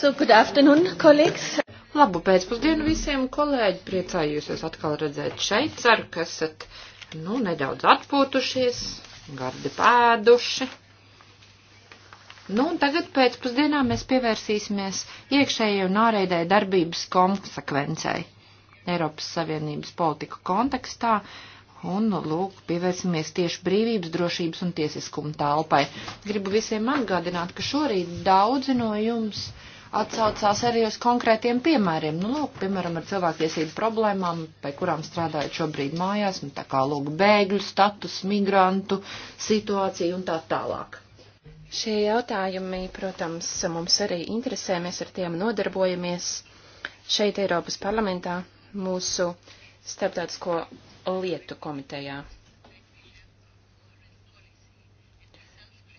So, good afternoon, colleagues. Labu pēcpusdienu visiem kolēģi. Priecājos jūs atkal redzēt šeit. Ceru, ka esat, nu, nedaudz atpūtušies, gardi pēduši. Nu, un tagad pēcpusdienā mēs pievērsīsimies iekšējai un ārējai darbības konsekvencei Eiropas Savienības politiku kontekstā. Un, lūk, pievērsimies tieši brīvības, drošības un tiesiskuma telpai. Gribu visiem atgādināt, ka šorīt daudzi no jums atsaucās arī uz konkrētiem piemēriem. Nu, lūk, piemēram, ar cilvēktiesību problēmām, pie kurām strādājot šobrīd mājās, nu, tā kā, lūk, bēgļu status, migrantu situācija un tā tālāk. Šie jautājumi, protams, mums arī interesē, mēs ar tiem nodarbojamies šeit Eiropas parlamentā, mūsu starptautisko lietu komitejā.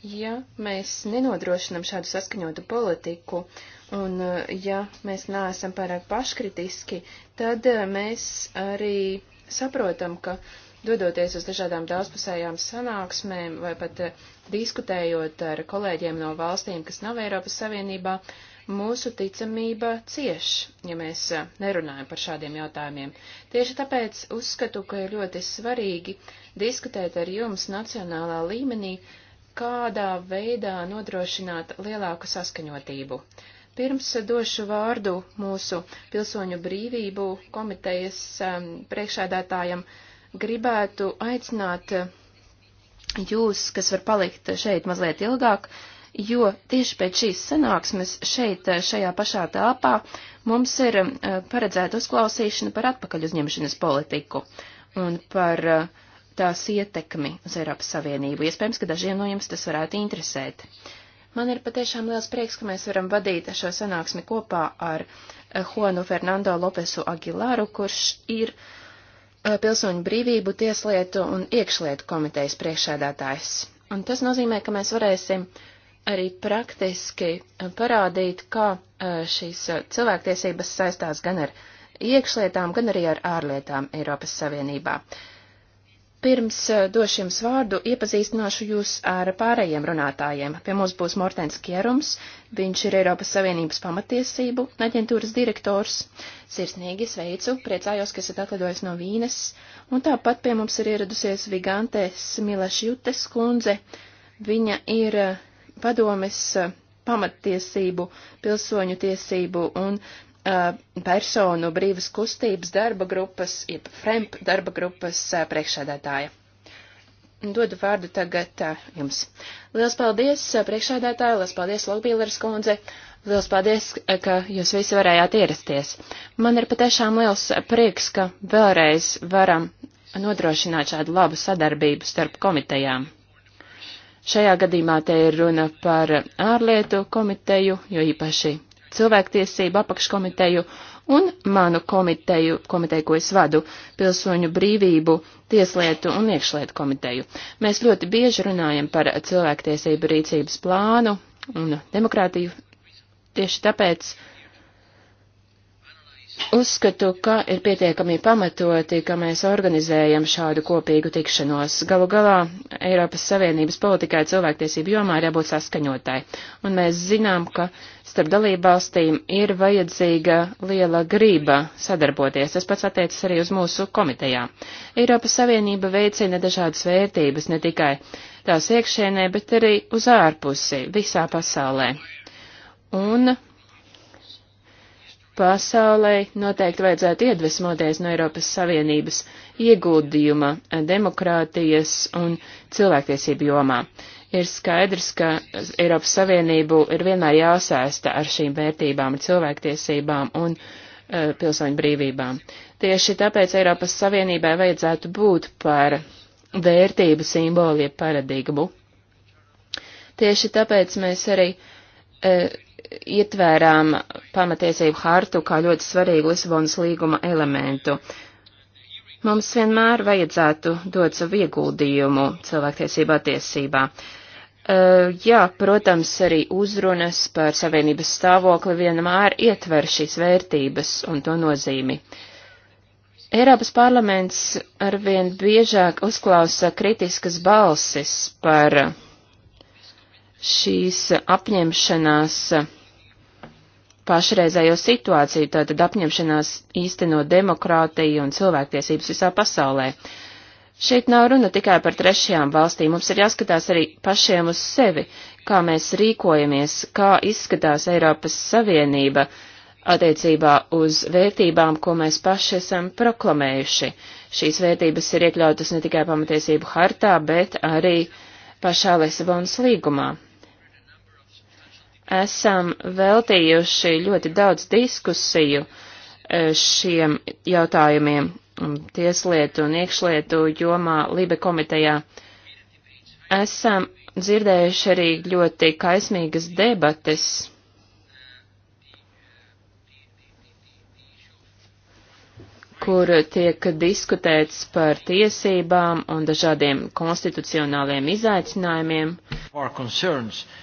Ja mēs nenodrošinam šādu saskaņotu politiku Un, eh, ja mēs neesam pārāk paškritiski, tad eh, mēs arī saprotam, ka dodoties uz dažādām daudzpusējām sanāksmēm vai pat eh, diskutējot ar kolēģiem no valstīm, kas nav Eiropas Savienībā, mūsu ticamība cieš, ja mēs nerunājam par šādiem jautājumiem. Tieši tāpēc uzskatu, ka ir ļoti svarīgi diskutēt ar jums nacionālā līmenī, kādā veidā nodrošināt lielāku saskaņotību. Pirms došu vārdu mūsu pilsoņu brīvību komitejas um, priekšēdētājam, gribētu aicināt jūs, kas var palikt šeit mazliet ilgāk, jo tieši pēc šīs sanāksmes šeit, šajā pašā telpā, mums ir um, paredzēta uzklausīšana par atpakaļ uzņemšanas politiku un par uh, tās ietekmi uz Eiropas Savienību. Iespējams, ka dažiem no jums tas varētu interesēt. Uh, Man ir patiešām liels prieks, ka mēs varam vadīt šo sanāksmi kopā ar eh, Juanu Fernando Lopesu Aguilaru, kurš ir eh, Pilsoņu brīvību, tieslietu un iekšlietu komitejas priekšēdātājs. Un tas nozīmē, ka mēs varēsim arī praktiski eh, parādīt, kā šīs cilvēktiesības saistās gan ar iekšlietām, gan arī ar ārlietām Eiropas Savienībā. Uh, Pirms eh, došu jums vārdu, iepazīstināšu jūs ar pārējiem runātājiem. Pie mums būs Mortens Kierums, viņš ir Eiropas Savienības pamatiesību aģentūras direktors. Sirsnīgi sveicu, priecājos, ka esat atlidojis no Vīnes. Un tāpat pie mums ir ieradusies Vigante Smilešjutes kundze. Viņa ir eh, padomes eh, pamatiesību, pilsoņu tiesību un personu brīvas kustības darba grupas, jeb FREMP darba grupas priekšsēdētāja. Dodu vārdu tagad jums. Liels paldies priekšsēdētāju, liels paldies Lokbīleres kundze, liels paldies, ka jūs visi varējāt ierasties. Man ir patiešām liels prieks, ka vēlreiz varam nodrošināt šādu labu sadarbību starp komitejām. Šajā gadījumā te ir runa par ārlietu komiteju, jo īpaši cilvēktiesību apakškomiteju un manu komiteju, komiteju, ko es vadu, pilsoņu brīvību, tieslietu un iekšlietu komiteju. Mēs ļoti bieži runājam par cilvēktiesību rīcības plānu un demokrātiju. Tieši tāpēc Uzskatu, ka ir pietiekami pamatoti, ka mēs organizējam šādu kopīgu tikšanos. Galu galā Eiropas Savienības politikai cilvēktiesību jomā ir jābūt saskaņotai, un mēs zinām, ka starp dalībvalstīm ir vajadzīga liela grība sadarboties. Tas pats attiecas arī uz mūsu komitejā. Eiropas Savienība veicina dažādas vērtības ne tikai tās iekšēnē, bet arī uz ārpusi visā pasaulē. Un Pasaulē noteikti vajadzētu iedvesmoties no Eiropas Savienības ieguldījuma demokrātijas un cilvēktiesību jomā. Ir skaidrs, ka Eiropas Savienību ir vienmēr jāsēsta ar šīm vērtībām, ar cilvēktiesībām un uh, pilsoņu brīvībām. Tieši tāpēc Eiropas Savienībai vajadzētu būt par vērtību simboli, jeb paradigmu. Tieši tāpēc mēs arī uh, ietvērām pamatiesību hartu kā ļoti svarīgu Lisabonas līguma elementu. Mums vienmēr vajadzētu dot savu ieguldījumu cilvēktiesību attiesībā. Uh, e, jā, protams, arī uzrunas par savienības stāvokli vienmēr ietver šīs vērtības un to nozīmi. Eiropas parlaments arvien biežāk uzklausa kritiskas balsis par šīs apņemšanās pašreizējo situāciju, tātad apņemšanās īstenot demokrātiju un cilvēktiesības visā pasaulē. Šeit nav runa tikai par trešajām valstīm, mums ir jāskatās arī pašiem uz sevi, kā mēs rīkojamies, kā izskatās Eiropas Savienība attiecībā uz vērtībām, ko mēs paši esam proklamējuši. Šīs vērtības ir iekļautas ne tikai pamatiesību hartā, bet arī pašā Lisabonas līgumā esam veltījuši ļoti daudz diskusiju e, šiem jautājumiem um, tieslietu un iekšlietu jomā Libe komitejā. Esam dzirdējuši arī ļoti kaismīgas debates. kur tiek diskutēts par tiesībām un dažādiem konstitucionāliem izaicinājumiem. Our concerns, uh,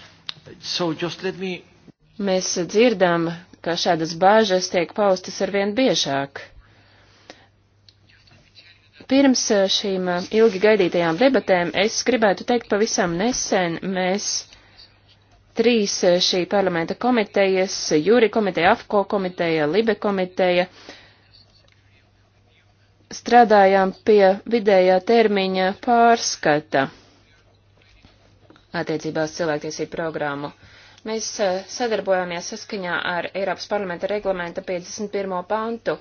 So me... Mēs dzirdam, ka šādas bāžas tiek paustas arvien biežāk. Pirms šīm ilgi gaidītajām debatēm es gribētu teikt pavisam nesen mēs trīs šī parlamenta komitejas, jūri komiteja, AFKO komiteja, LIBE komiteja, strādājām pie vidējā termiņa pārskata attiecībā uz cilvēktiesību programmu. Mēs eh, sadarbojāmies saskaņā ar Eiropas parlamenta reglamenta 51. pantu,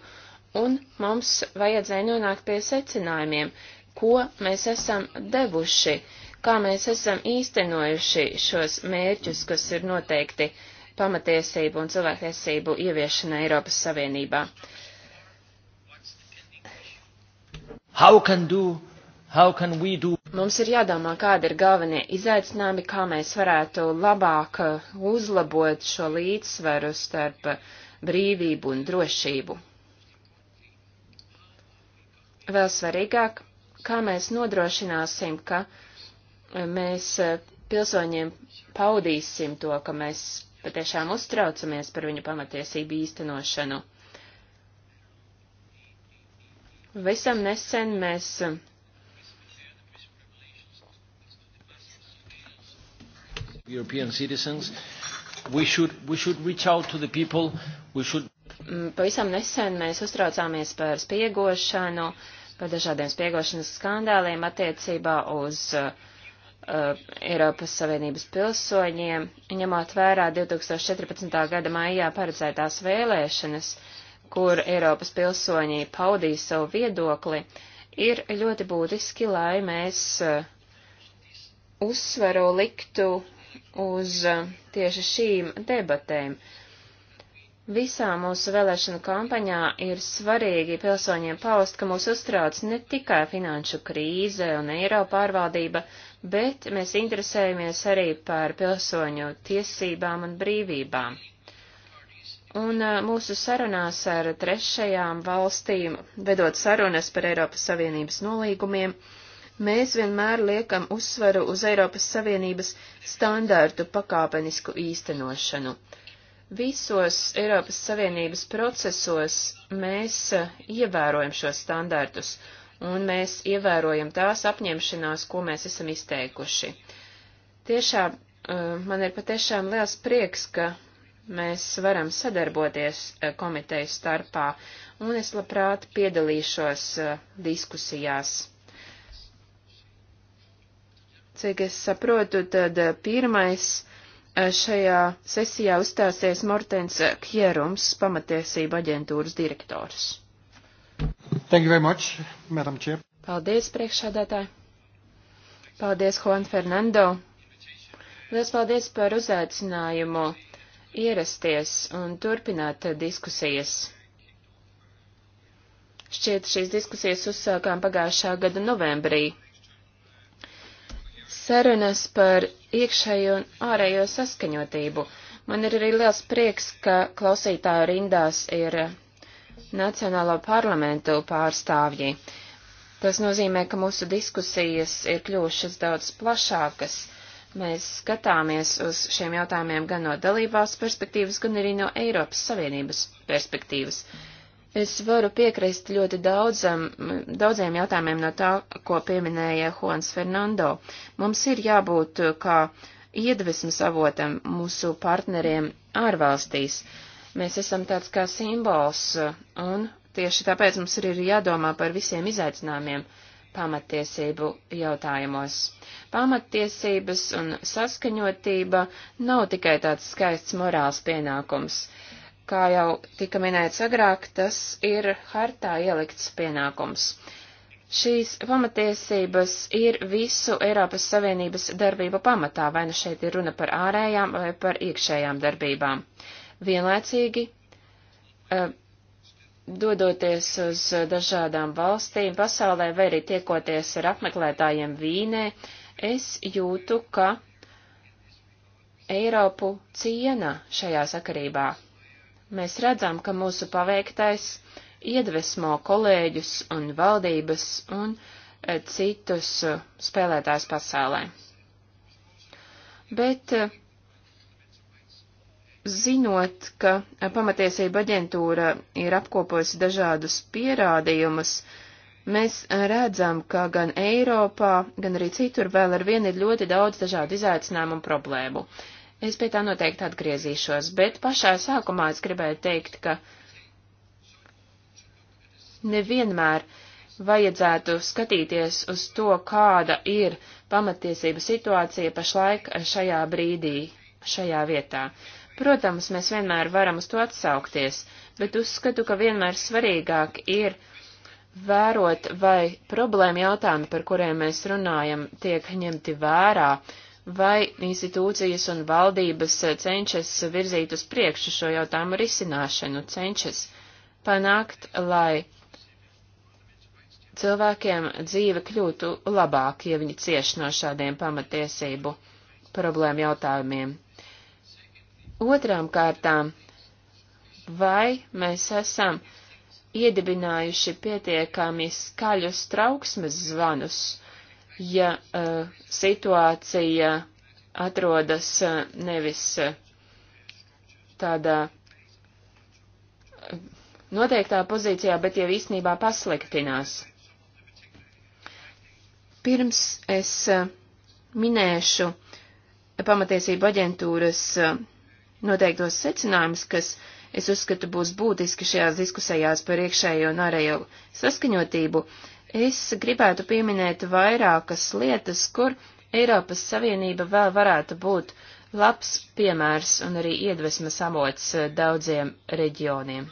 un mums vajadzēja nonākt pie secinājumiem, ko mēs esam devuši, kā mēs esam īstenojuši šos mērķus, kas ir noteikti pamatiesību un cilvēktiesību ieviešana Eiropas Savienībā. How can do, how can we do Mums ir jādomā, kādi ir galvenie izaicinājumi, kā mēs varētu labāk uh, uzlabot šo līdzsvaru starp uh, brīvību un drošību. Vēl svarīgāk, kā mēs nodrošināsim, ka uh, mēs pilsoņiem paudīsim to, ka mēs patiešām uztraucamies par viņu pamatiesību īstenošanu. Visam nesen mēs European citizens. We should, we should reach out to the people. We should... Mm, pavisam nesen mēs uztraucāmies par spiegošanu, par dažādiem spiegošanas skandāliem attiecībā uz uh, uh Eiropas Savienības pilsoņiem, ņemot vērā 2014. gada maijā paredzētās vēlēšanas, kur Eiropas pilsoņi paudīja savu viedokli, ir ļoti būtiski, lai mēs uh, uzsvaru liktu uz eh, tieši šīm debatēm. Visā mūsu vēlēšanu kampaņā ir svarīgi pilsoņiem paust, ka mūs uztrauc ne tikai finanšu krīze un eiro pārvaldība, bet mēs interesējamies arī par pilsoņu tiesībām un brīvībām. Un eh, mūsu sarunās ar trešajām valstīm, vedot sarunas par Eiropas Savienības nolīgumiem, uh, Mēs vienmēr liekam uzsvaru uz Eiropas Savienības standārtu pakāpenisku īstenošanu. Visos Eiropas Savienības procesos mēs eh, ievērojam šos standārtus, un mēs ievērojam tās apņemšanās, ko mēs esam izteikuši. Tiešām eh, man ir patiešām liels prieks, ka mēs varam sadarboties eh, komiteju starpā, un es labprāt piedalīšos diskusijās. Cik es saprotu, tad eh, pirmais eh, šajā sesijā uzstāsies Mortens eh, Kjerums, pamatiesība aģentūras direktors. Thank you very much, Madam Chair. Paldies, priekšsādātāji. Paldies, Juan Fernando. Liels paldies par uzaicinājumu ierasties un turpināt diskusijas. Šķiet, šīs diskusijas uzsākām pagājušā gada novembrī sarunas par iekšējo un ārējo saskaņotību. Man ir arī liels prieks, ka klausītāju rindās ir Nacionālo parlamentu pārstāvji. Tas nozīmē, ka mūsu diskusijas ir kļuvušas daudz plašākas. Mēs skatāmies uz šiem jautājumiem gan no dalībās perspektīvas, gan arī no Eiropas Savienības perspektīvas. Mm. Es varu piekrist ļoti daudzam, daudziem jautājumiem no tā, ko pieminēja Hons Fernando. Mums ir jābūt kā iedvesmas avotam mūsu partneriem ārvalstīs. Mēs esam tāds kā simbols, un tieši tāpēc mums ir jādomā par visiem izaicinājumiem, pamatiesību jautājumos. Pamattiesības un saskaņotība nav tikai tāds skaists morāls pienākums. Kā jau tika minēts agrāk, tas ir hartā ielikts pienākums. Šīs pamatiesības ir visu Eiropas Savienības darbību pamatā, vai nu šeit ir runa par ārējām vai par iekšējām darbībām. Vienlaicīgi, eh, dodoties uz dažādām valstīm pasaulē vai arī tiekoties ar apmeklētājiem Vīnē, es jūtu, ka Eiropu ciena šajā sakarībā. Mēs redzam, ka mūsu paveiktais iedvesmo kolēģus un valdības un e, citus e, spēlētājs pasaulē. Bet e, zinot, ka pamatiesība aģentūra ir apkopojusi dažādus pierādījumus, mēs redzam, ka gan Eiropā, gan arī citur vēl ar vienu ir ļoti daudz dažādu izaicinājumu un problēmu. Es pie tā noteikti atgriezīšos, bet pašā sākumā es gribēju teikt, ka nevienmēr vajadzētu skatīties uz to, kāda ir pamatiesība situācija pašlaik šajā brīdī, šajā vietā. Protams, mēs vienmēr varam uz to atsaukties, bet uzskatu, ka vienmēr svarīgāk ir vērot, vai problēma jautājumi, par kuriem mēs runājam, tiek ņemti vērā, uh, vai institūcijas un valdības cenšas virzīt uz priekšu šo jautājumu risināšanu, cenšas panākt, lai cilvēkiem dzīve kļūtu labāk, ja viņi cieši no šādiem pamatiesību problēmu jautājumiem. Otrām kārtām, vai mēs esam iedibinājuši pietiekami skaļus trauksmes zvanus, ja uh, situācija atrodas uh, nevis uh, tādā noteiktā pozīcijā, bet jau īstenībā pasliktinās. Pirms es uh, minēšu pamatiesību aģentūras uh, noteiktos secinājumus, kas, es uzskatu, būs būtiski šajās diskusējās par iekšējo un ārējo saskaņotību, uh, Es gribētu pieminēt vairākas lietas, kur Eiropas Savienība vēl varētu būt labs piemērs un arī iedvesmas avots eh, daudziem reģioniem.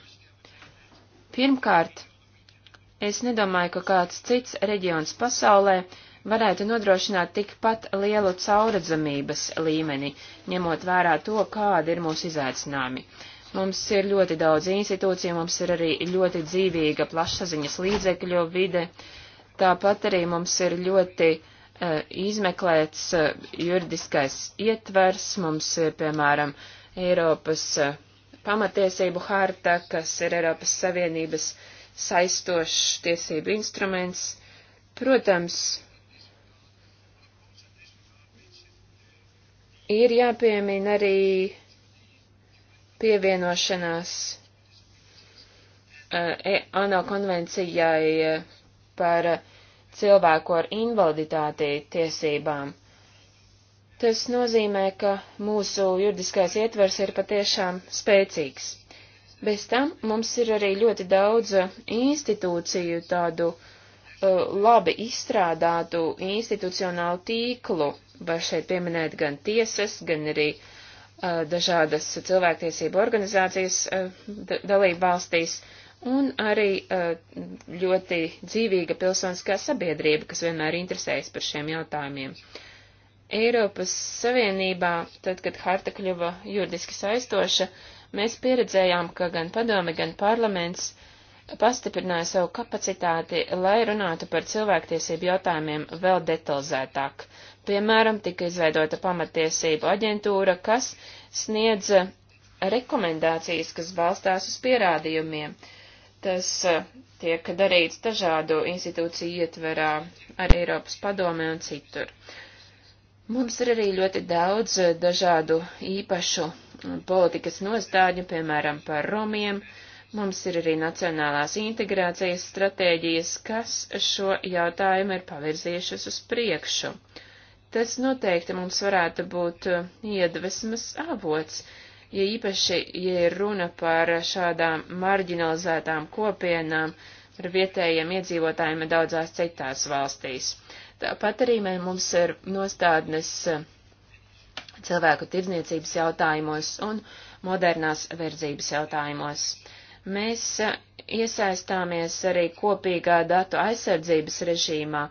Pirmkārt, es nedomāju, ka kāds cits reģions pasaulē varētu nodrošināt tikpat lielu cauradzamības līmeni, ņemot vērā to, kādi ir mūsu izaicinājumi. Mums ir ļoti daudz institūciju, mums ir arī ļoti dzīvīga plašsaziņas līdzekļu vide. Tāpat arī mums ir ļoti uh, izmeklēts uh, juridiskais ietvers. Mums ir, piemēram, Eiropas uh, pamatiesību harta, kas ir Eiropas Savienības saistošs tiesību instruments. Protams, ir jāpiemina arī pievienošanās eh, e, ANO konvencijai eh, par cilvēku ar invaliditāti tiesībām. Tas nozīmē, ka mūsu juridiskais ietvers ir patiešām spēcīgs. Bez tam mums ir arī ļoti daudz institūciju tādu uh, labi izstrādātu institucionālu tīklu, var šeit pieminēt gan tiesas, gan arī uh, Uh, dažādas cilvēktiesību organizācijas uh, dalību valstīs un arī uh, ļoti dzīvīga pilsoniskā sabiedrība, kas vienmēr interesējas par šiem jautājumiem. Eiropas Savienībā, tad, kad harta kļuva juridiski saistoša, mēs pieredzējām, ka gan padome, gan parlaments pastiprināja savu kapacitāti, lai runātu par cilvēktiesību jautājumiem vēl detalizētāk, Piemēram, tika izveidota pamatiesību aģentūra, kas sniedz rekomendācijas, kas balstās uz pierādījumiem. Tas eh, tiek darīts dažādu institūciju ietverā ar Eiropas padome un citur. Mums ir arī ļoti daudz eh, dažādu īpašu mm, politikas nostāļu, piemēram, par romiem. Mums ir arī nacionālās integrācijas stratēģijas, kas šo jautājumu ir pavirzījušas uz priekšu. Uh, Tas noteikti mums varētu būt uh, iedvesmas avots, ja īpaši, ja ir runa par šādām marginalizētām kopienām ar vietējiem iedzīvotājiem daudzās citās valstīs. Tāpat arī mums ir nostādnes uh, cilvēku tirdzniecības jautājumos un modernās verdzības jautājumos. Mēs uh, iesaistāmies arī kopīgā datu aizsardzības režīmā,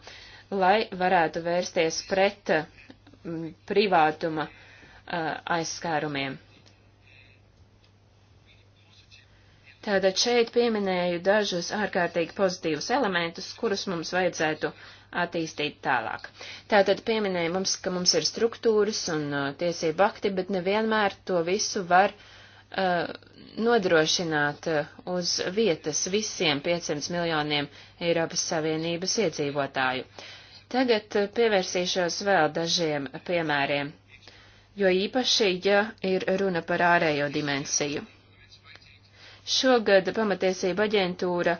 lai varētu vērsties pret mm, privātuma aizskārumiem. Tātad šeit pieminēju dažus ārkārtīgi pozitīvus elementus, kurus mums vajadzētu attīstīt tālāk. Tātad pieminēja mums, ka mums ir struktūras un tiesība akti, bet nevienmēr to visu var uh, Uh, nodrošināt uh, uz vietas visiem 500 miljoniem Eiropas Savienības iedzīvotāju. Tagad uh, pievērsīšos vēl dažiem piemēriem, jo īpaši, ja ir runa par ārējo dimensiju. Šogad pamatiesība aģentūra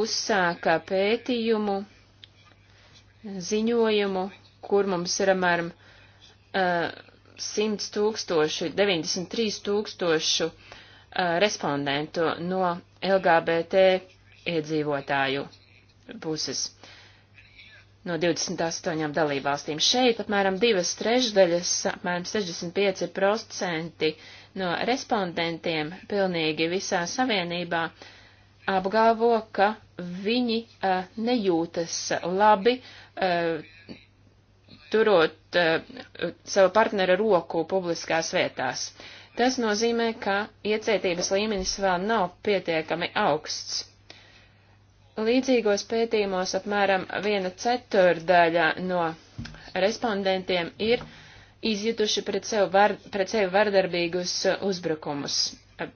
uzsāka pētījumu, ziņojumu, kur mums ir apmēram uh, 100 tūkstoši, 93 tūkstošu respondentu no LGBT iedzīvotāju puses no 28 dalībvalstīm. Šeit apmēram divas trešdaļas, apmēram 65% no respondentiem pilnīgi visā savienībā apgalvo, ka viņi uh, nejūtas labi uh, turot uh, savu partneru roku publiskās vietās. Tas nozīmē, ka iecietības līmenis vēl nav pietiekami augsts. Līdzīgos pētījumos apmēram viena ceturdaļa no respondentiem ir izjutuši pret sevi, var, pret sevi vardarbīgus uzbrukumus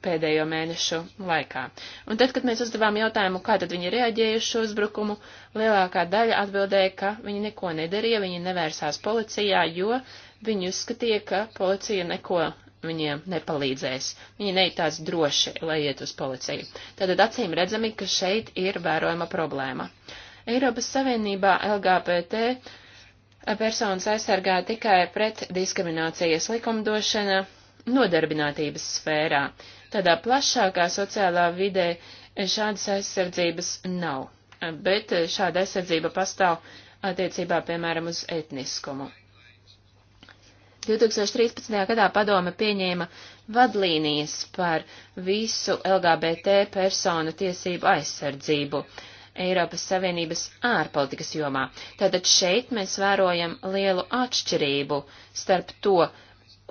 pēdējo mēnešu laikā. Un tad, kad mēs uzdevām jautājumu, kā tad viņi reaģēja uz šo uzbrukumu, lielākā daļa atbildēja, ka viņi neko nedarīja, viņi nevērsās policijā, jo viņi uzskatīja, ka policija neko viņiem nepalīdzēs. Viņi neitās droši, lai iet uz policiju. Tātad acīm redzami, ka šeit ir vērojama problēma. Eiropas Savienībā LGBT personas aizsargā tikai pret diskriminācijas likumdošana, nodarbinātības sfērā. Tādā plašākā sociālā vidē šādas aizsardzības nav, bet šāda aizsardzība pastāv attiecībā, piemēram, uz etniskumu. 2013. gadā padome pieņēma vadlīnijas par visu LGBT personu tiesību aizsardzību Eiropas Savienības ārpolitikas jomā. Tātad šeit mēs vērojam lielu atšķirību starp to,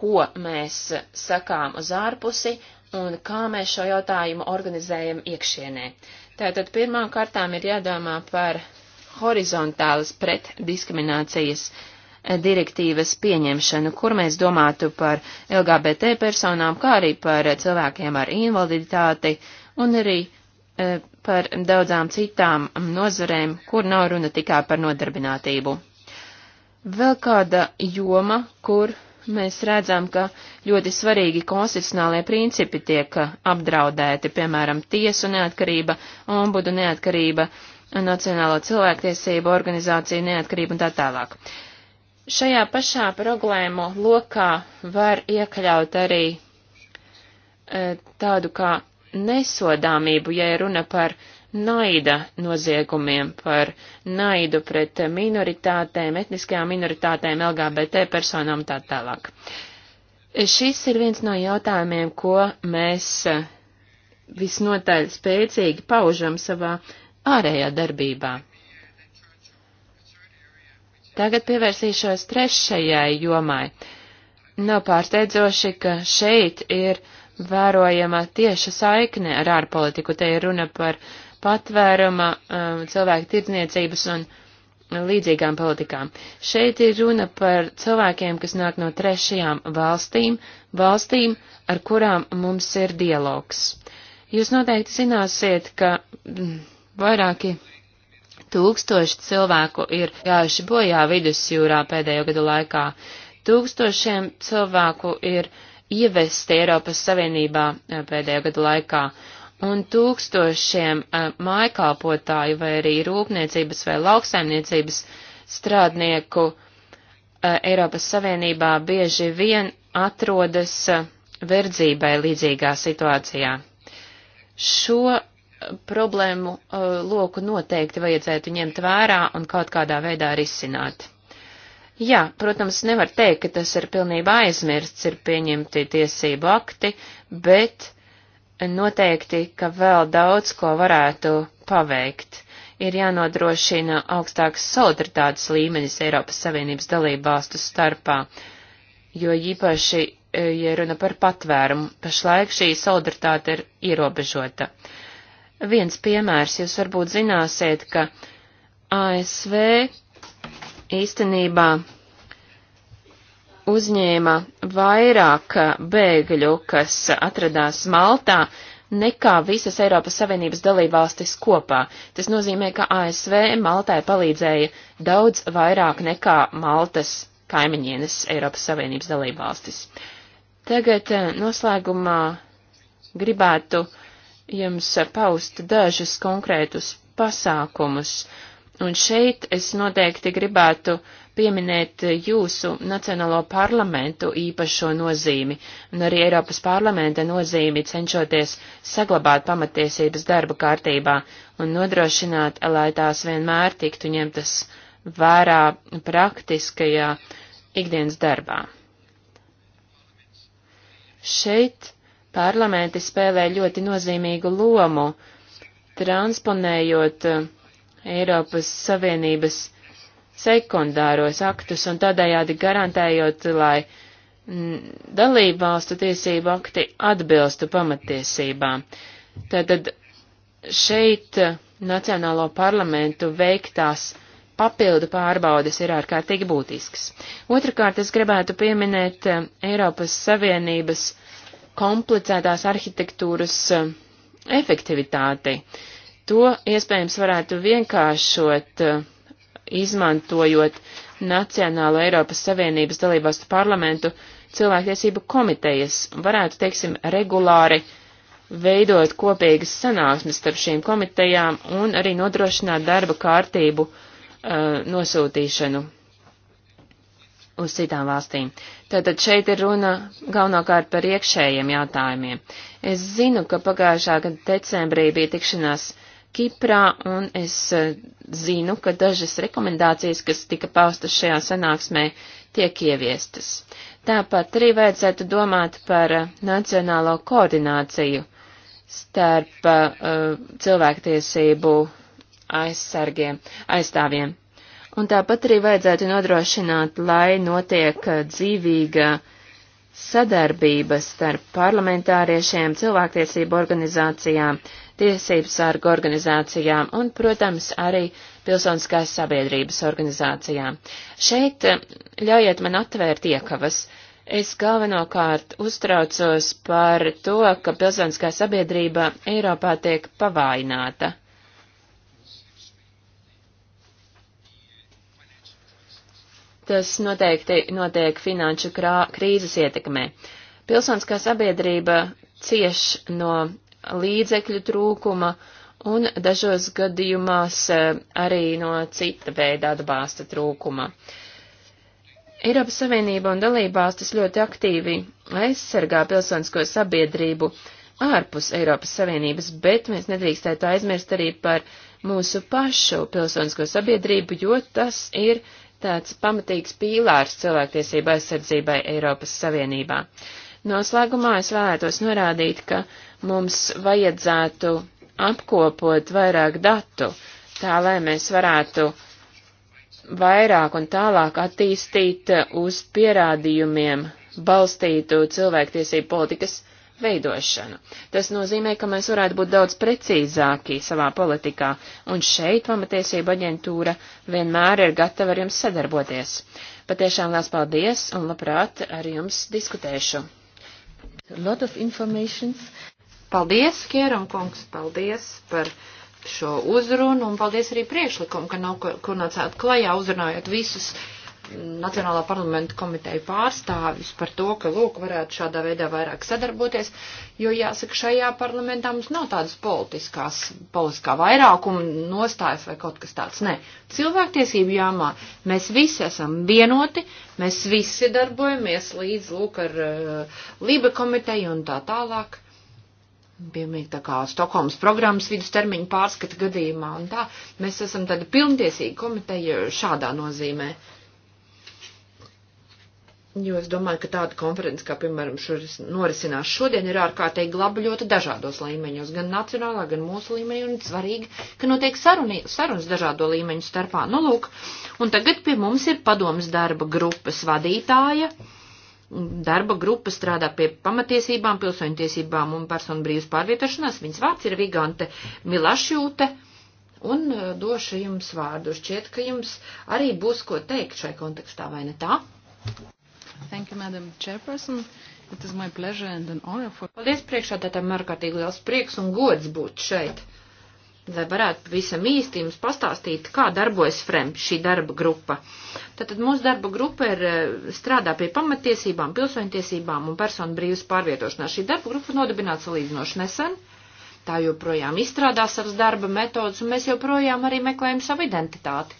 ko mēs sakām uz ārpusi un kā mēs šo jautājumu organizējam iekšienē. Tātad pirmām kārtām ir jādomā par horizontālas pretdiskriminācijas eh, direktīvas pieņemšanu, kur mēs domātu par LGBT personām, kā arī par cilvēkiem ar invaliditāti un arī eh, par daudzām citām nozarēm, kur nav runa tikai par nodarbinātību. Vēl kāda joma, kur mēs redzam, ka ļoti svarīgi konstitucionālie principi tiek uh, apdraudēti, piemēram, tiesu neatkarība, ombudu neatkarība, Nacionālo cilvēktiesību organizāciju neatkarība un tā tālāk. Šajā pašā problēmu lokā var iekļaut arī e, tādu kā nesodāmību, ja runa par naida noziegumiem, par naidu pret minoritātēm, etniskajām minoritātēm, LGBT personām tā tālāk. Šis ir viens no jautājumiem, ko mēs eh, visnotaļ spēcīgi paužam savā ārējā darbībā. Tagad pievērsīšos trešajai jomai. Nav pārsteidzoši, ka šeit ir vērojama tieša saikne ar ārpolitiku. Te ir runa par patvēruma, um, cilvēku tirdzniecības un līdzīgām politikām. Šeit ir runa par cilvēkiem, kas nāk no trešajām valstīm, valstīm, ar kurām mums ir dialogs. Jūs noteikti zināsiet, ka mm, vairāki tūkstoši cilvēku ir gājuši bojā vidusjūrā pēdējo gadu laikā. Tūkstošiem cilvēku ir ievesti Eiropas Savienībā eh, pēdējo gadu laikā, un tūkstošiem uh, mājkalpotāju vai arī rūpniecības vai lauksaimniecības strādnieku uh, Eiropas Savienībā bieži vien atrodas uh, verdzībai līdzīgā situācijā. Šo problēmu uh, loku noteikti vajadzētu ņemt vērā un kaut kādā veidā risināt. Jā, protams, nevar teikt, ka tas ir pilnībā aizmirsts, ir pieņemti tiesību akti, bet uh, noteikti, ka vēl daudz ko varētu paveikt. Ir jānodrošina augstāks solidaritātes līmenis Eiropas Savienības dalību valstu starpā, jo īpaši, e, ja runa par patvērumu, pašlaik šī solidaritāte ir ierobežota. Viens piemērs, jūs varbūt zināsiet, ka ASV īstenībā uzņēma vairāk bēgļu, kas atradās Maltā, nekā visas Eiropas Savienības dalībvalstis kopā. Tas nozīmē, ka ASV Maltai palīdzēja daudz vairāk nekā Maltas kaimiņienes Eiropas Savienības dalībvalstis. Tagad eh, noslēgumā gribētu jums paust dažus konkrētus pasākumus. Un šeit es noteikti gribētu uh, pieminēt jūsu Nacionālo parlamentu īpašo nozīmi un arī Eiropas parlamenta nozīmi cenšoties saglabāt pamatiesības darba kārtībā un nodrošināt, lai tās vienmēr tiktu ņemtas vērā praktiskajā ikdienas darbā. Šeit parlamenti spēlē ļoti nozīmīgu lomu, transponējot Eiropas Savienības sekundāros aktus un tādējādi garantējot, lai dalību valstu tiesību akti atbilstu pamatiesībām. Tātad šeit eh, Nacionālo parlamentu veiktās papildu pārbaudes ir ārkārtīgi būtisks. Otrakārt, es gribētu pieminēt eh, Eiropas Savienības komplicētās arhitektūras eh, efektivitāti. To iespējams varētu vienkāršot izmantojot Nacionālo Eiropas Savienības dalībvalstu parlamentu cilvēktiesību komitejas, varētu, teiksim, regulāri veidot kopīgas sanāksmes starp šīm komitejām un arī nodrošināt darba kārtību uh, nosūtīšanu uz citām valstīm. Tātad šeit ir runa galvenokārt par iekšējiem jautājumiem. Es zinu, ka pagājušā gada decembrī bija tikšanās Kiprā, un es eh, zinu, ka dažas rekomendācijas, kas tika paustas šajā sanāksmē, tiek ieviestas. Tāpat arī vajadzētu domāt par eh, nacionālo koordināciju starp uh, cilvēktiesību aizsargiem, aizstāvjiem. Un tāpat arī vajadzētu nodrošināt, lai notiek dzīvīga sadarbība starp parlamentāriešiem, cilvēktiesību organizācijām, tiesības sargu organizācijām un, protams, arī pilsoniskās sabiedrības organizācijām. Šeit eh, ļaujiet man atvērt iekavas. Es galvenokārt uztraucos par to, ka pilsoniskā sabiedrība Eiropā tiek pavājināta. Tas noteikti notiek finanšu krā, krīzes ietekmē. Pilsoniskā sabiedrība cieš no līdzekļu trūkuma un dažos gadījumās e, arī no cita veida atbalsta trūkuma. Eiropas Savienība un dalībvalstis ļoti aktīvi aizsargā pilsonisko sabiedrību ārpus Eiropas Savienības, bet mēs nedrīkstētu aizmirst arī par mūsu pašu pilsonisko sabiedrību, jo tas ir tāds pamatīgs pīlārs cilvēktiesība aizsardzībai Eiropas Savienībā. Noslēgumā es vēlētos norādīt, ka mums vajadzētu apkopot vairāk datu, tā lai mēs varētu vairāk un tālāk attīstīt uz pierādījumiem balstītu cilvēktiesību politikas veidošanu. Tas nozīmē, ka mēs varētu būt daudz precīzāki savā politikā, un šeit pamatiesība aģentūra vienmēr ir gatava ar jums sadarboties. Patiešām liels paldies un labprāt ar jums diskutēšu. Paldies, Kieram kungs, paldies par šo uzrunu un paldies arī priekšlikumu, ka nav kur nācāt klajā uzrunājot visus Nacionālā parlamenta komiteja pārstāvis par to, ka, lūk, varētu šādā veidā vairāk sadarboties, jo, jāsaka, šajā parlamentā mums nav tādas politiskās, politiskā vairākuma nostājas vai kaut kas tāds. Nē, cilvēktiesību jāmā mēs visi esam vienoti, mēs visi darbojamies līdz, lūk, ar uh, eh, Lība komiteju un tā tālāk. Uh, piemēram, tā kā Stokholmas programmas vidustermiņa pārskata gadījumā un tā, mēs esam tāda pilntiesīga komiteja šādā nozīmē. Jo es domāju, ka tāda konference, kā piemēram šuris, norisinās šodien, ir ārkārtīgi laba ļoti dažādos līmeņos, gan nacionālā, gan mūsu līmenī, un svarīgi, ka notiek saruni, sarunas dažādo līmeņu starpā. Nu, lūk, un tagad pie mums ir padomas darba grupas vadītāja. Uh, darba grupa strādā pie pamatiesībām, pilsoņtiesībām un personu brīvas pārvietošanās. Viņas vārds ir Vigante Milašjūte. Un uh, došu jums vārdu. Šķiet, ka jums arī būs ko teikt šai kontekstā, vai ne tā? Thank you, Madam Chairperson. It is my pleasure and an honor for... Paldies priekšā, tātad ārkārtīgi liels prieks un gods būt šeit. Uh, lai varētu visam īsti jums pastāstīt, kā darbojas FREM, šī darba grupa. Tātad mūsu darba grupa ir eh, strādā pie pamatiesībām, pilsoņtiesībām un personu brīvas pārvietošanās. Šī darba grupa nodibināta salīdzinoši nesen. Tā joprojām izstrādā savas darba metodas, un mēs joprojām arī meklējam savu identitāti.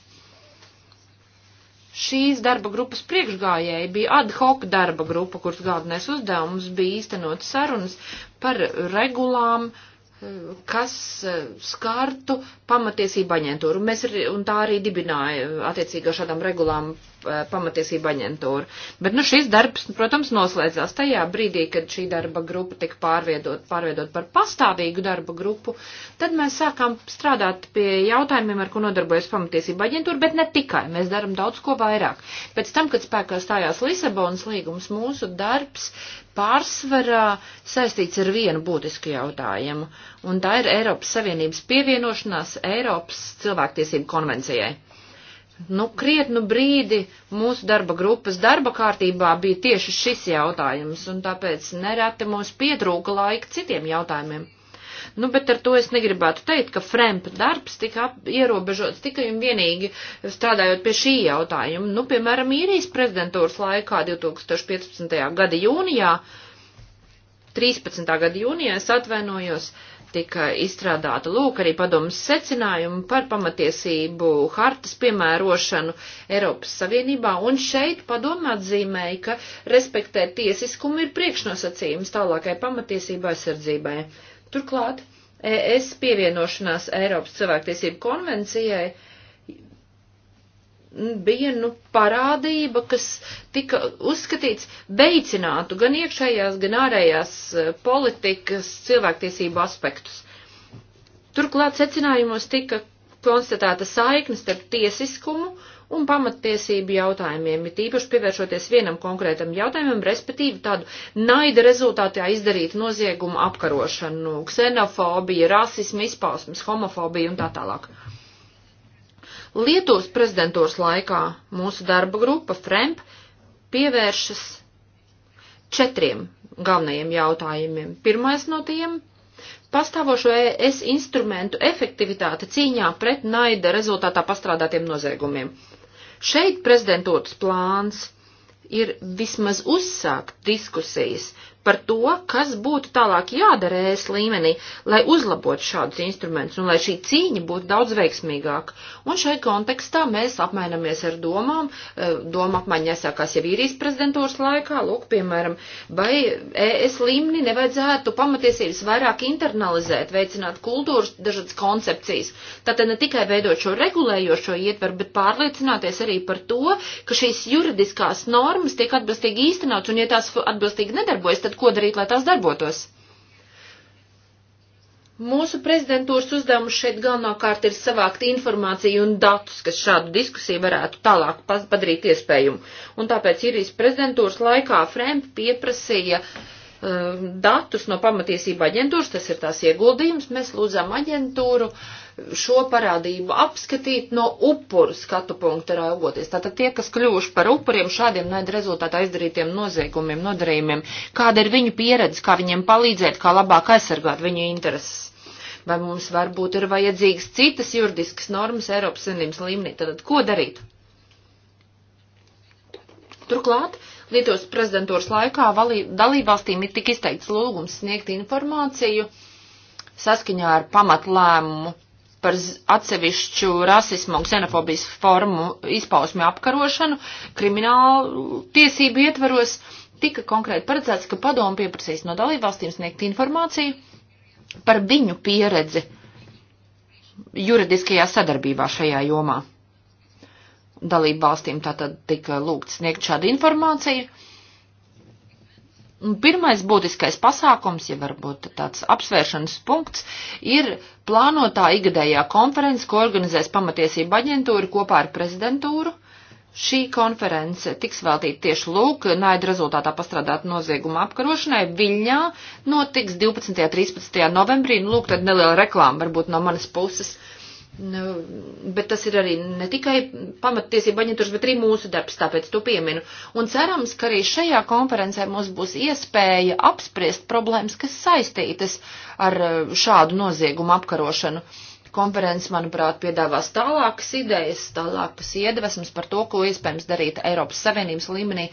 Šīs darba grupas priekšgājēji bija ad hoc darba grupa, kuras galvenais uzdevums bija īstenot sarunas par regulām uh, kas eh, skartu pamatiesību aģentūru. Mēs arī, un tā arī dibināja eh, attiecīgā šādām regulām eh, pamatiesību aģentūru. Bet, nu, šis darbs, protams, noslēdzās tajā brīdī, kad šī darba grupa tika pārviedot, pārviedot par pastāvīgu darba grupu, tad mēs sākām strādāt pie jautājumiem, ar ko nodarbojas pamatiesība aģentūra, bet ne tikai. Mēs darām daudz ko vairāk. Pēc tam, kad spēkā stājās Lisabonas līgums, mūsu darbs uh, pārsvarā saistīts ar vienu būtisku jautājumu, un tā ir Eiropas Savienības pievienošanās Eiropas cilvēktiesību konvencijai. Nu, krietnu brīdi mūsu darba grupas darba kārtībā bija tieši šis jautājums, un tāpēc nereti mums pietrūka laika citiem jautājumiem. Nu, bet ar to es negribētu teikt, ka Fremp darbs tika ierobežots tikai un vienīgi strādājot pie šī jautājuma. Nu, piemēram, īrijas prezidentūras laikā 2015. gada jūnijā, 13. gada jūnijā, es atvainojos, tika izstrādāta lūk arī padomas secinājumi par pamatiesību hartas piemērošanu Eiropas Savienībā, un šeit padoma atzīmēja, ka respektēt tiesiskumu ir priekšnosacījums tālākai pamatiesību aizsardzībai. Turklāt ES pievienošanās Eiropas cilvēktiesību konvencijai bija nu, parādība, kas tika uzskatīts veicinātu gan iekšējās, gan ārējās e, politikas cilvēktiesību aspektus. Turklāt secinājumos tika konstatēta saikne starp tiesiskumu un pamatiesību jautājumiem, it īpaši pievēršoties vienam konkrētam jautājumam, respektīvi tādu naida rezultātā izdarītu noziegumu apkarošanu, ksenofobiju, rasismu izpausmes, homofobiju un tā tālāk. Lietuvas prezidentūras laikā mūsu darba grupa FREMP pievēršas četriem galvenajiem jautājumiem. Pirmais no tiem pastāvošo ES instrumentu efektivitāte cīņā pret naida rezultātā pastrādātiem noziegumiem. Šeit prezidentotas plāns ir vismaz uzsākt diskusijas par to, kas būtu tālāk jādara ēs līmenī, lai uzlabotu šādus instrumentus un lai šī cīņa būtu daudz veiksmīgāka. Un šai kontekstā mēs apmainamies ar domām, e, doma apmaiņa iesākās jau īrijas prezidentūras laikā, lūk, piemēram, vai ēs līmenī nevajadzētu pamatiesības vairāk internalizēt, veicināt kultūras dažādas koncepcijas. Tātad ne tikai veidot šo regulējošo ietveru, bet pārliecināties arī par to, ka šīs juridiskās normas tiek atbilstīgi īstenots un ja tās atbilstīgi nedarbojas, tad tad ko darīt, lai tās darbotos? Mūsu prezidentūras uzdevums šeit galvenokārt ir savākt informāciju un datus, kas šādu diskusiju varētu tālāk padarīt iespējumu. Un tāpēc Irijas prezidentūras laikā Fremp pieprasīja uh, datus no pamatiesība aģentūras, tas ir tās ieguldījums, mēs lūdzām aģentūru uh, šo parādību apskatīt no upuru skatu punkta raugoties. Tātad tie, kas kļuvuši par upuriem šādiem naida rezultātā izdarītiem noziegumiem, nodarījumiem, kāda ir viņu pieredze, kā viņiem palīdzēt, kā labāk aizsargāt viņu intereses. Vai mums varbūt ir vajadzīgas citas juridiskas normas Eiropas Savienības līmenī? Tad ko darīt? Turklāt, Lietuvas prezidentūras laikā dalībvalstīm ir tik izteikts lūgums sniegt informāciju saskaņā ar pamatlēmumu par atsevišķu rasismu un ksenofobijas formu izpausmi apkarošanu kriminālu tiesību ietvaros, tika konkrēti paredzēts, ka padomu pieprasīs no dalībvalstīm sniegt informāciju par viņu pieredzi juridiskajā sadarbībā šajā jomā. Dalībvalstīm tātad tika lūgts sniegt šādu informāciju Pirmais būtiskais pasākums, ja varbūt tāds apsvēršanas punkts, ir plānotā igadējā konference, ko organizēs pamatiesība aģentūra kopā ar prezidentūru. Šī konference tiks veltīta tieši lūk, naida rezultātā pastrādāt nozieguma apkarošanai. Viļņā notiks 12. un 13. novembrī. Nu, lūk, tad neliela reklāma varbūt no manas puses. Uh, Nu, bet tas ir arī ne tikai pamatiesība aģentūras, bet arī mūsu darbs, tāpēc to pieminu. Un cerams, ka arī šajā konferencē mums būs iespēja apspriest problēmas, kas saistītas ar eh, šādu noziegumu apkarošanu. Uh, Konferences, manuprāt, piedāvās tālākas idejas, tālākas iedvesmas par to, ko iespējams darīt Eiropas Savienības līmenī,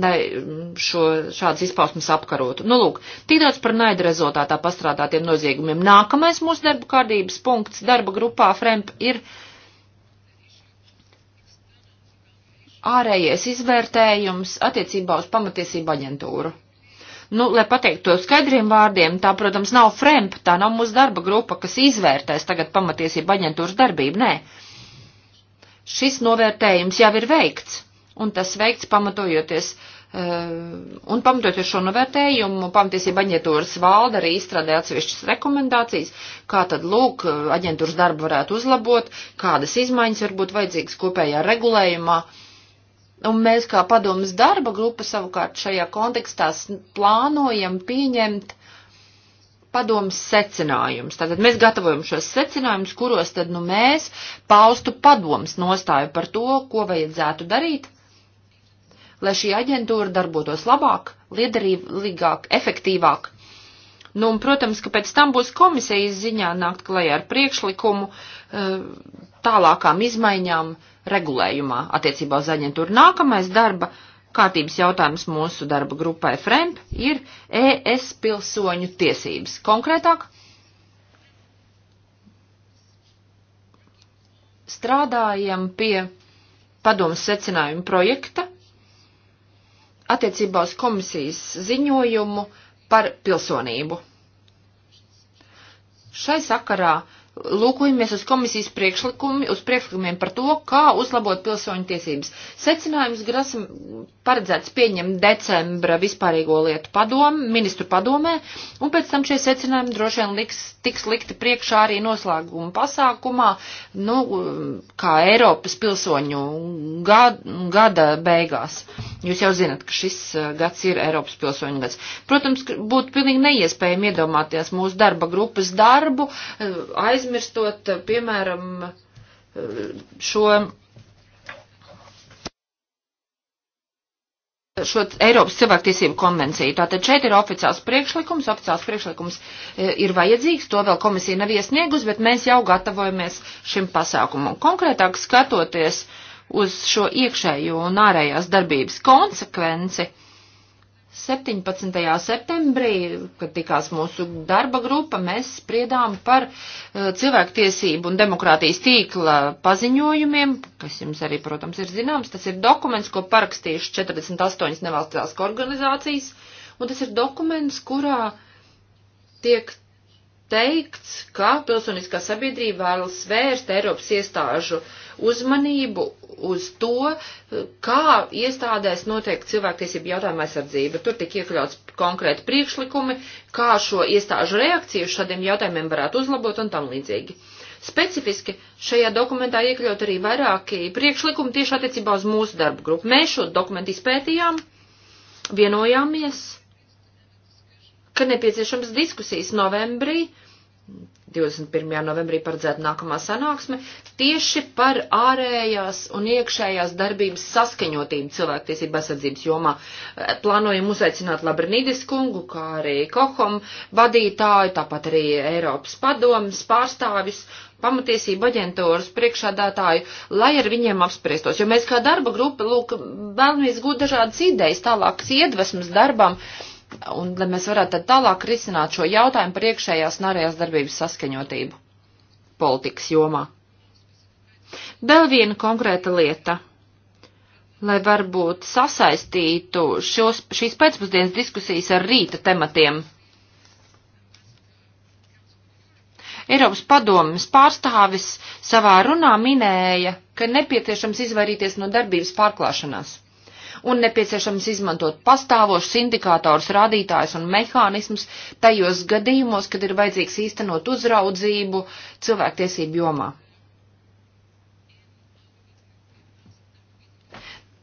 lai mm, šo, šādas izpausmes apkarotu. Nu, lūk, tīdāts par naidu rezultātā pastrādātiem noziegumiem. Nākamais mūsu darba kārtības punkts darba grupā FREMP ir ārējais izvērtējums attiecībā uz pamatiesību aģentūru. Nu, lai pateiktu to skaidriem vārdiem, tā, protams, nav fremp, tā nav mūsu darba grupa, kas izvērtēs tagad pamatiesība aģentūras darbību, nē. Šis novērtējums jau ir veikts, un tas veikts pamatojoties uh, un pamatoties šo novērtējumu, pamatiesība aģentūras valda arī izstrādē atsevišķas rekomendācijas, kā tad lūk aģentūras darbu varētu uzlabot, kādas izmaiņas var būt vajadzīgas kopējā regulējumā. Uh, Un mēs kā padomas darba grupa savukārt šajā kontekstā plānojam pieņemt padomas secinājumus. Tātad mēs gatavojam šos secinājumus, kuros tad nu mēs paustu padomas nostāju par to, ko vajadzētu darīt, lai šī aģentūra darbotos labāk, liederīgāk, efektīvāk. Nu, un, protams, ka pēc tam būs komisijas ziņā nākt klajā ar priekšlikumu eh, tālākām izmaiņām regulējumā attiecībā uz aģentūru. Nākamais darba kārtības jautājums mūsu darba grupai FREMP ir ES pilsoņu tiesības. Konkrētāk, strādājam pie padomas secinājuma projekta attiecībā uz komisijas ziņojumu par pilsonību. Šai sakarā lūkojamies uz komisijas priekšlikumi, uz priekšlikumiem par to, kā uzlabot pilsoņu tiesības. Secinājums grasam paredzēts pieņemt decembra vispārīgo lietu padomu, ministru padomē, un pēc tam šie secinājumi droši vien liks, tiks likti priekšā arī noslēguma pasākumā, nu, kā Eiropas pilsoņu gada, gada beigās. Jūs jau zinat, ka šis uh, gads ir Eiropas pilsoņu gads. Protams, būtu pilnīgi neiespējami iedomāties mūsu darba grupas darbu, uh, aiz neaizmirstot, piemēram, šo šo Eiropas cilvēktiesību konvenciju. Tātad šeit ir oficiāls priekšlikums, oficiāls priekšlikums e, ir vajadzīgs, to vēl komisija nav iesniegus, bet mēs jau gatavojamies šim pasākumam. Konkrētāk skatoties uz šo iekšējo un ārējās darbības konsekvenci, uh, 17. septembrī, kad tikās mūsu darba grupa, mēs spriedām par e, cilvēktiesību un demokrātijas tīkla paziņojumiem, kas jums arī, protams, ir zināms. Tas ir dokuments, ko parakstījuši 48 nevalstiskās organizācijas, un tas ir dokuments, kurā tiek teikts, ka pilsoniskā sabiedrība vēlas vērst Eiropas iestāžu uzmanību uz to, kā iestādēs notiek cilvēktiesību jautājuma aizsardzība. Tur tik iekļauts konkrēti priekšlikumi, kā šo iestāžu reakciju šādiem jautājumiem varētu uzlabot un tam līdzīgi. Specifiski šajā dokumentā iekļaut arī vairāki priekšlikumi tieši attiecībā uz mūsu darbu grupu. Mēs šo dokumentu izpētījām, vienojāmies ka nepieciešams diskusijas novembrī, 21. novembrī paredzēta nākamā sanāksme, tieši par ārējās un iekšējās darbības saskaņotību cilvēktiesību aizsardzības jomā. Plānojam uzaicināt Labrinidis kungu, kā arī Kohom vadītāju, tāpat arī Eiropas padomas pārstāvis pamatiesību aģentūras priekšādātāju, lai ar viņiem apspriestos. Jo mēs kā darba grupa, lūk, vēlamies gūt dažādas idejas, tālākas iedvesmas darbam un lai mēs varētu tad tālāk risināt šo jautājumu par iekšējās un ārējās darbības saskaņotību politikas jomā. Vēl viena konkrēta lieta, lai varbūt sasaistītu šos, šīs pēcpusdienas diskusijas ar rīta tematiem. Eiropas padomjas pārstāvis savā runā minēja, ka nepieciešams izvairīties no darbības pārklāšanās un nepieciešams izmantot pastāvošus indikātors, rādītājs un mehānismus tajos gadījumos, kad ir vajadzīgs īstenot uzraudzību cilvēktiesību jomā.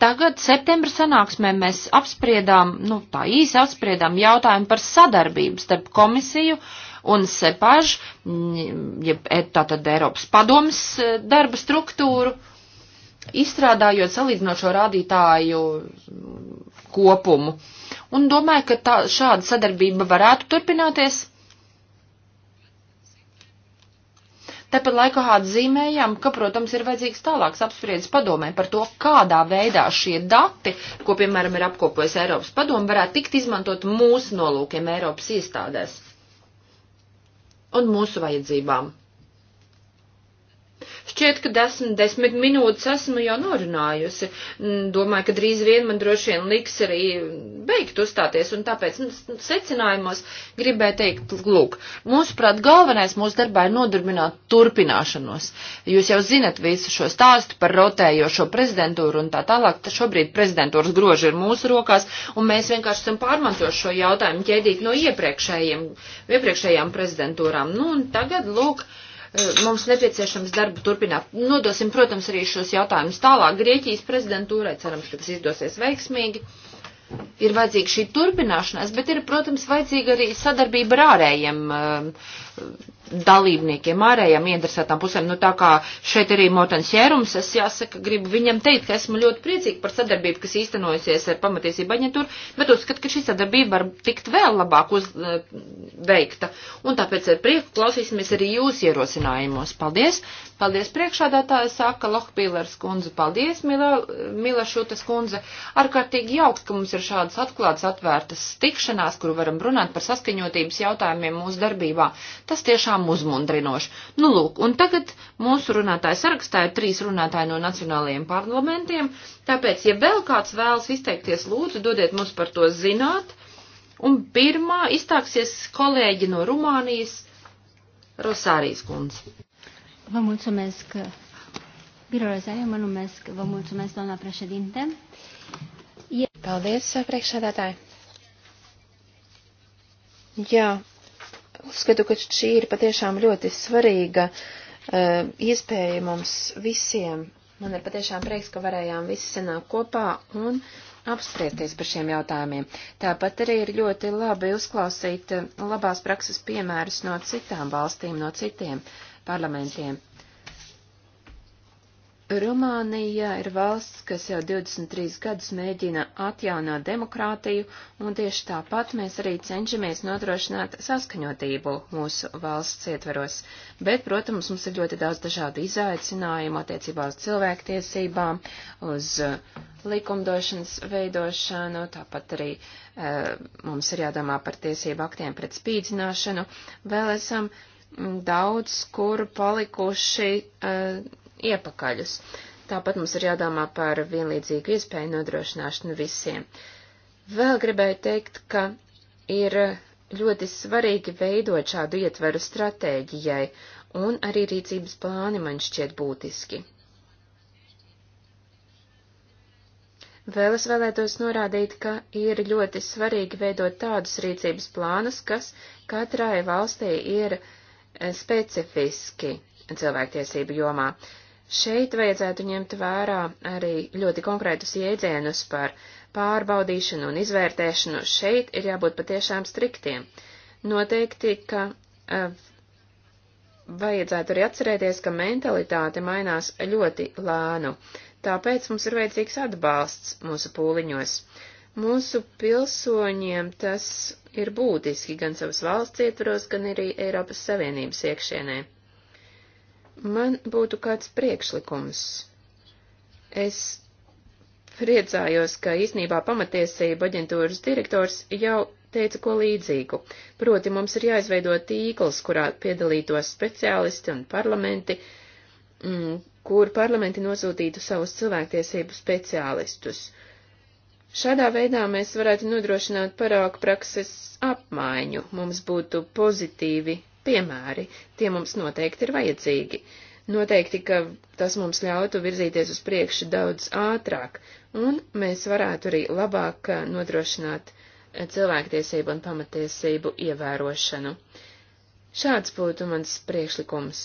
Tagad septembra sanāksmē mēs apspriedām, nu tā īsi apspriedām jautājumu par sadarbību starp komisiju un sepaž, ja, e, tātad Eiropas padomas e, darba struktūru izstrādājot salīdzinošo rādītāju kopumu. Un domāju, ka tā, šāda sadarbība varētu turpināties. Tāpat laikā atzīmējam, ka, protams, ir vajadzīgs tālāks apspriedzes padomē par to, kādā veidā šie dati, ko, piemēram, ir apkopojis Eiropas padomu, varētu tikt izmantot mūsu nolūkiem Eiropas iestādēs un mūsu vajadzībām. Šķiet, ka desmit, desmit minūtes esmu jau norunājusi. Mm, domāju, ka drīz vien man droši vien liks arī beigt uzstāties, un tāpēc nu, secinājumos gribēju teikt, lūk, mūsuprāt, galvenais mūsu darbā ir nodarbināt turpināšanos. Jūs jau zinat visu šo stāstu par rotējošo prezidentūru un tā tālāk, tad šobrīd prezidentūras groži ir mūsu rokās, un mēs vienkārši esam pārmantojuši šo jautājumu ķēdīt no iepriekšējiem, iepriekšējām prezidentūrām. Nu, un tagad, lūk, uh, Eh, mums nepieciešams darbu turpināt. Nodosim, protams, arī šos jautājumus tālāk Grieķijas prezidentūrai, cerams, ka tas izdosies veiksmīgi. Uh, ir vajadzīga šī turpināšanās, bet ir, protams, vajadzīga arī sadarbība ar ārējiem eh, dalībniekiem, ārējām interesētām pusēm. Nu, tā kā šeit arī Motans Jērums, es jāsaka, gribu viņam teikt, ka esmu ļoti priecīgi par sadarbību, kas īstenojusies ar pamatiesību aģentūru, bet uzskatu, ka šī sadarbība var tikt vēl labāk uz, eh, veikta. Un tāpēc ar prieku klausīsimies arī jūs ierosinājumos. Paldies! Paldies priekšādātāja, saka Lohpīlers kundze. Paldies, Mila, Mila Šutas kundze. Ārkārtīgi jauks, ka mums ir šādas atklātas, atvērtas tikšanās, kur varam runāt par saskaņotības jautājumiem mūsu darbībā. Tas tiešām uzmundrinoši. Nu, lūk, un tagad mūsu runātāju sarakstā ir trīs runātāji no nacionālajiem parlamentiem, tāpēc, ja vēl kāds vēlas izteikties, lūdzu, dodiet mums par to zināt. Un pirmā iztāksies kolēģi no Rumānijas, Rosārijas kundze. Vă mulțumesc. Biro Rozaie, mă numesc. Vă mulțumesc, doamna președinte. Uh, Paldies, priekšsēdētāji. Jā, uzskatu, ka šī ir patiešām ļoti svarīga uh, iespēja mums visiem. Man ir patiešām prieks, ka varējām visi sanākt kopā un apspriesties par šiem jautājumiem. Tāpat arī ir ļoti labi uzklausīt eh, labās prakses piemērus no citām valstīm, no citiem parlamentiem. Rumānija ir valsts, kas jau 23 gadus mēģina atjaunot demokrātiju, un tieši tāpat mēs arī cenšamies nodrošināt saskaņotību mūsu valsts ietveros. Bet, protams, mums ir ļoti daudz dažādu izaicinājumu attiecībā uz cilvēktiesībām, uz uh, likumdošanas veidošanu, tāpat arī e, mums ir jādomā par tiesību aktiem pret spīdzināšanu. Vēl esam mm, daudz kur palikuši. E, iepakaļus. Tāpat mums ir jādomā par vienlīdzīgu iespēju nodrošināšanu visiem. Vēl gribēju teikt, ka ir ļoti svarīgi veidot šādu ietveru stratēģijai, un arī rīcības plāni man šķiet būtiski. Vēl es vēlētos norādīt, ka ir ļoti svarīgi veidot tādus rīcības plānus, kas katrai valstī ir e, specifiski cilvēktiesību jomā. Šeit vajadzētu ņemt vērā arī ļoti konkrētus jēdzienus par pārbaudīšanu un izvērtēšanu. Šeit ir jābūt patiešām striktiem. Noteikti, ka eh, vajadzētu arī atcerēties, ka mentalitāte mainās ļoti lēnu, tāpēc mums ir vajadzīgs atbalsts mūsu pūliņos. Mūsu pilsoņiem tas ir būtiski gan savas valsts ietvaros, gan arī Eiropas Savienības iekšienē. Man būtu kāds priekšlikums. Es priecājos, ka īsnībā pamatiesība aģentūras direktors jau teica ko līdzīgu. Proti mums ir jāizveido tīkls, kurā piedalītos speciālisti un parlamenti, mm, kur parlamenti nosūtītu savus cilvēktiesību speciālistus. Šādā veidā mēs varētu nodrošināt parāku prakses apmaiņu, mums būtu pozitīvi piemēri. Tie mums noteikti ir vajadzīgi. Noteikti, ka tas mums ļautu virzīties uz priekšu daudz ātrāk, un mēs varētu arī labāk nodrošināt cilvēktiesību un pamatiesību ievērošanu. Šāds būtu mans priekšlikums.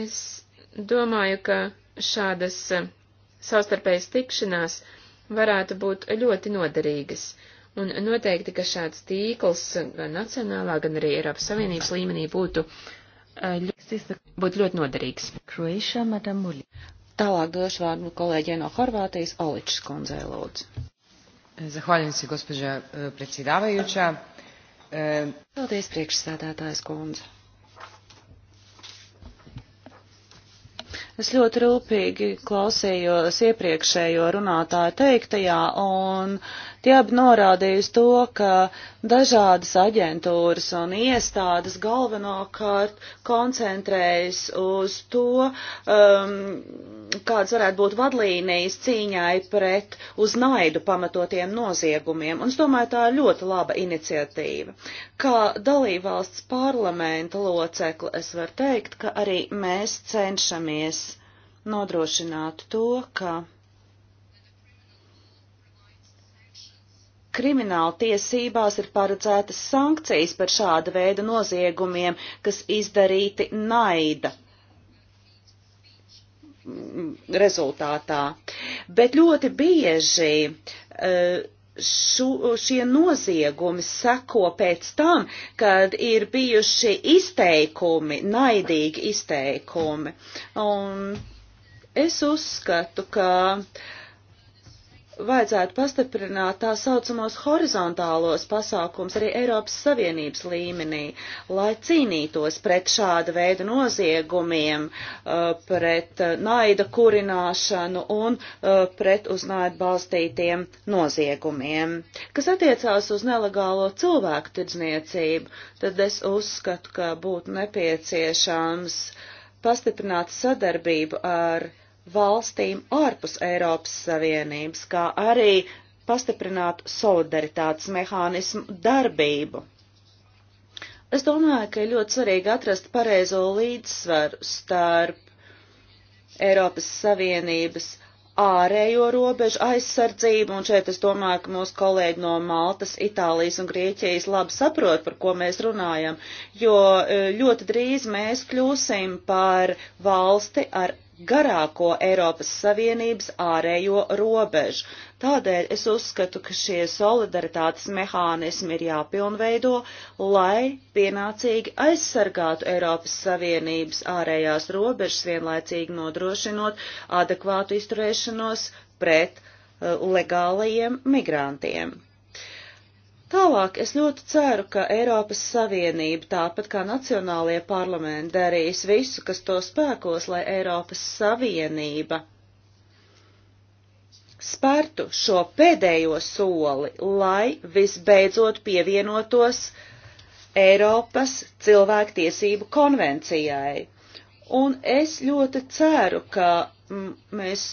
Es domāju, ka šādas savstarpējas tikšanās varētu būt ļoti noderīgas, Un noteikti, ka šāds tīkls gan nacionālā, gan arī Eiropas Savienības līmenī būtu, eh, ļoti, būtu ļoti noderīgs. Croatia, Tālāk došu vārdu kolēģiem no Horvātijas Oličs kundzei lūdzu. Eh, Zahvaļam si, gospođa eh, predsjedavajuća. Paldies, priekšsēdētājs kundze. Es ļoti rūpīgi klausījos iepriekšējo runātāju teiktajā un uh, Tie abi norādīja uz to, ka dažādas aģentūras un iestādes galvenokārt koncentrējas uz to, um, kādas varētu būt vadlīnijas cīņai pret uz naidu pamatotiem noziegumiem. Un es domāju, tā ir ļoti laba iniciatīva. Kā dalībvalsts parlamenta locekli es varu teikt, ka arī mēs cenšamies nodrošināt to, ka krimināla tiesībās ir paredzētas sankcijas par šāda veida noziegumiem, kas izdarīti naida rezultātā. Bet ļoti bieži eh, šu, šie noziegumi seko pēc tam, kad ir bijuši izteikumi, naidīgi izteikumi. Un es uzskatu, ka uh, vajadzētu pastiprināt tā saucamos horizontālos pasākums arī Eiropas Savienības līmenī, lai cīnītos pret šāda veida noziegumiem, uh, pret uh, naida kurināšanu un uh, pret uz naidu balstītiem noziegumiem. Kas attiecās uz nelegālo cilvēku tirdzniecību, tad es uzskatu, ka būtu nepieciešams pastiprināt sadarbību ar valstīm ārpus Eiropas Savienības, kā arī pastiprināt solidaritātes mehānismu darbību. Es domāju, ka ir ļoti svarīgi atrast pareizo līdzsvaru starp Eiropas Savienības ārējo robežu aizsardzību, un šeit es domāju, ka mūsu kolēģi no Maltas, Itālijas un Grieķijas labi saprot, par ko mēs runājam, jo eh, ļoti drīz mēs kļūsim par valsti ar garāko Eiropas Savienības ārējo robežu. Tādēļ es uzskatu, ka šie solidaritātes mehānismi ir jāpilnveido, lai pienācīgi aizsargātu Eiropas Savienības ārējās robežas, vienlaicīgi nodrošinot adekvātu izturēšanos pret uh, legālajiem migrantiem. Tālāk es ļoti ceru, ka Eiropas Savienība, tāpat kā nacionālie parlamenti, darīs visu, kas to spēkos, lai Eiropas Savienība spērtu šo pēdējo soli, lai visbeidzot pievienotos Eiropas cilvēktiesību konvencijai. Un es ļoti ceru, ka mēs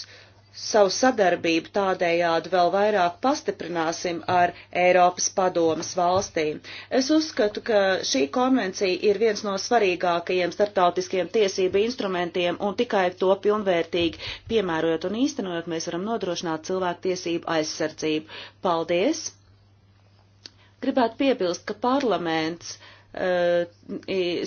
savu sadarbību tādējādi vēl vairāk pastiprināsim ar Eiropas padomas valstīm. Es uzskatu, ka šī konvencija ir viens no svarīgākajiem starptautiskiem tiesību instrumentiem un tikai to pilnvērtīgi piemērojot un īstenojot mēs varam nodrošināt cilvēktiesību aizsardzību. Paldies! Gribētu piebilst, ka parlaments uh, Eh,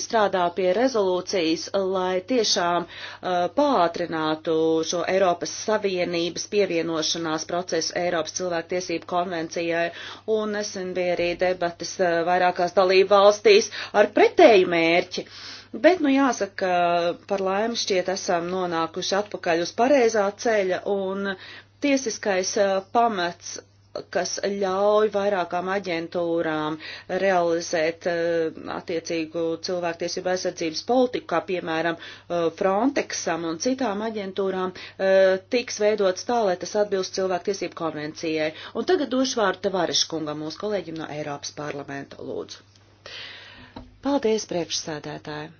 strādā pie rezolūcijas, lai tiešām eh, pātrinātu šo Eiropas Savienības pievienošanās procesu Eiropas cilvēktiesību konvencijai. Un nesen bija arī debatas eh, vairākās dalību valstīs ar pretēju mērķi. Bet, nu jāsaka, par laimi šķiet esam nonākuši atpakaļ uz pareizā ceļa un tiesiskais pamats kas ļauj vairākām aģentūrām realizēt eh, attiecīgu cilvēktiesību aizsardzības politiku, kā piemēram eh, Frontexam un citām aģentūrām, eh, tiks veidots tā, lai tas atbilst cilvēktiesību konvencijai. Un tagad došu vārdu Tavariškungam, mūsu kolēģim no Eiropas parlamenta, lūdzu. Paldies, priekšsēdētāji!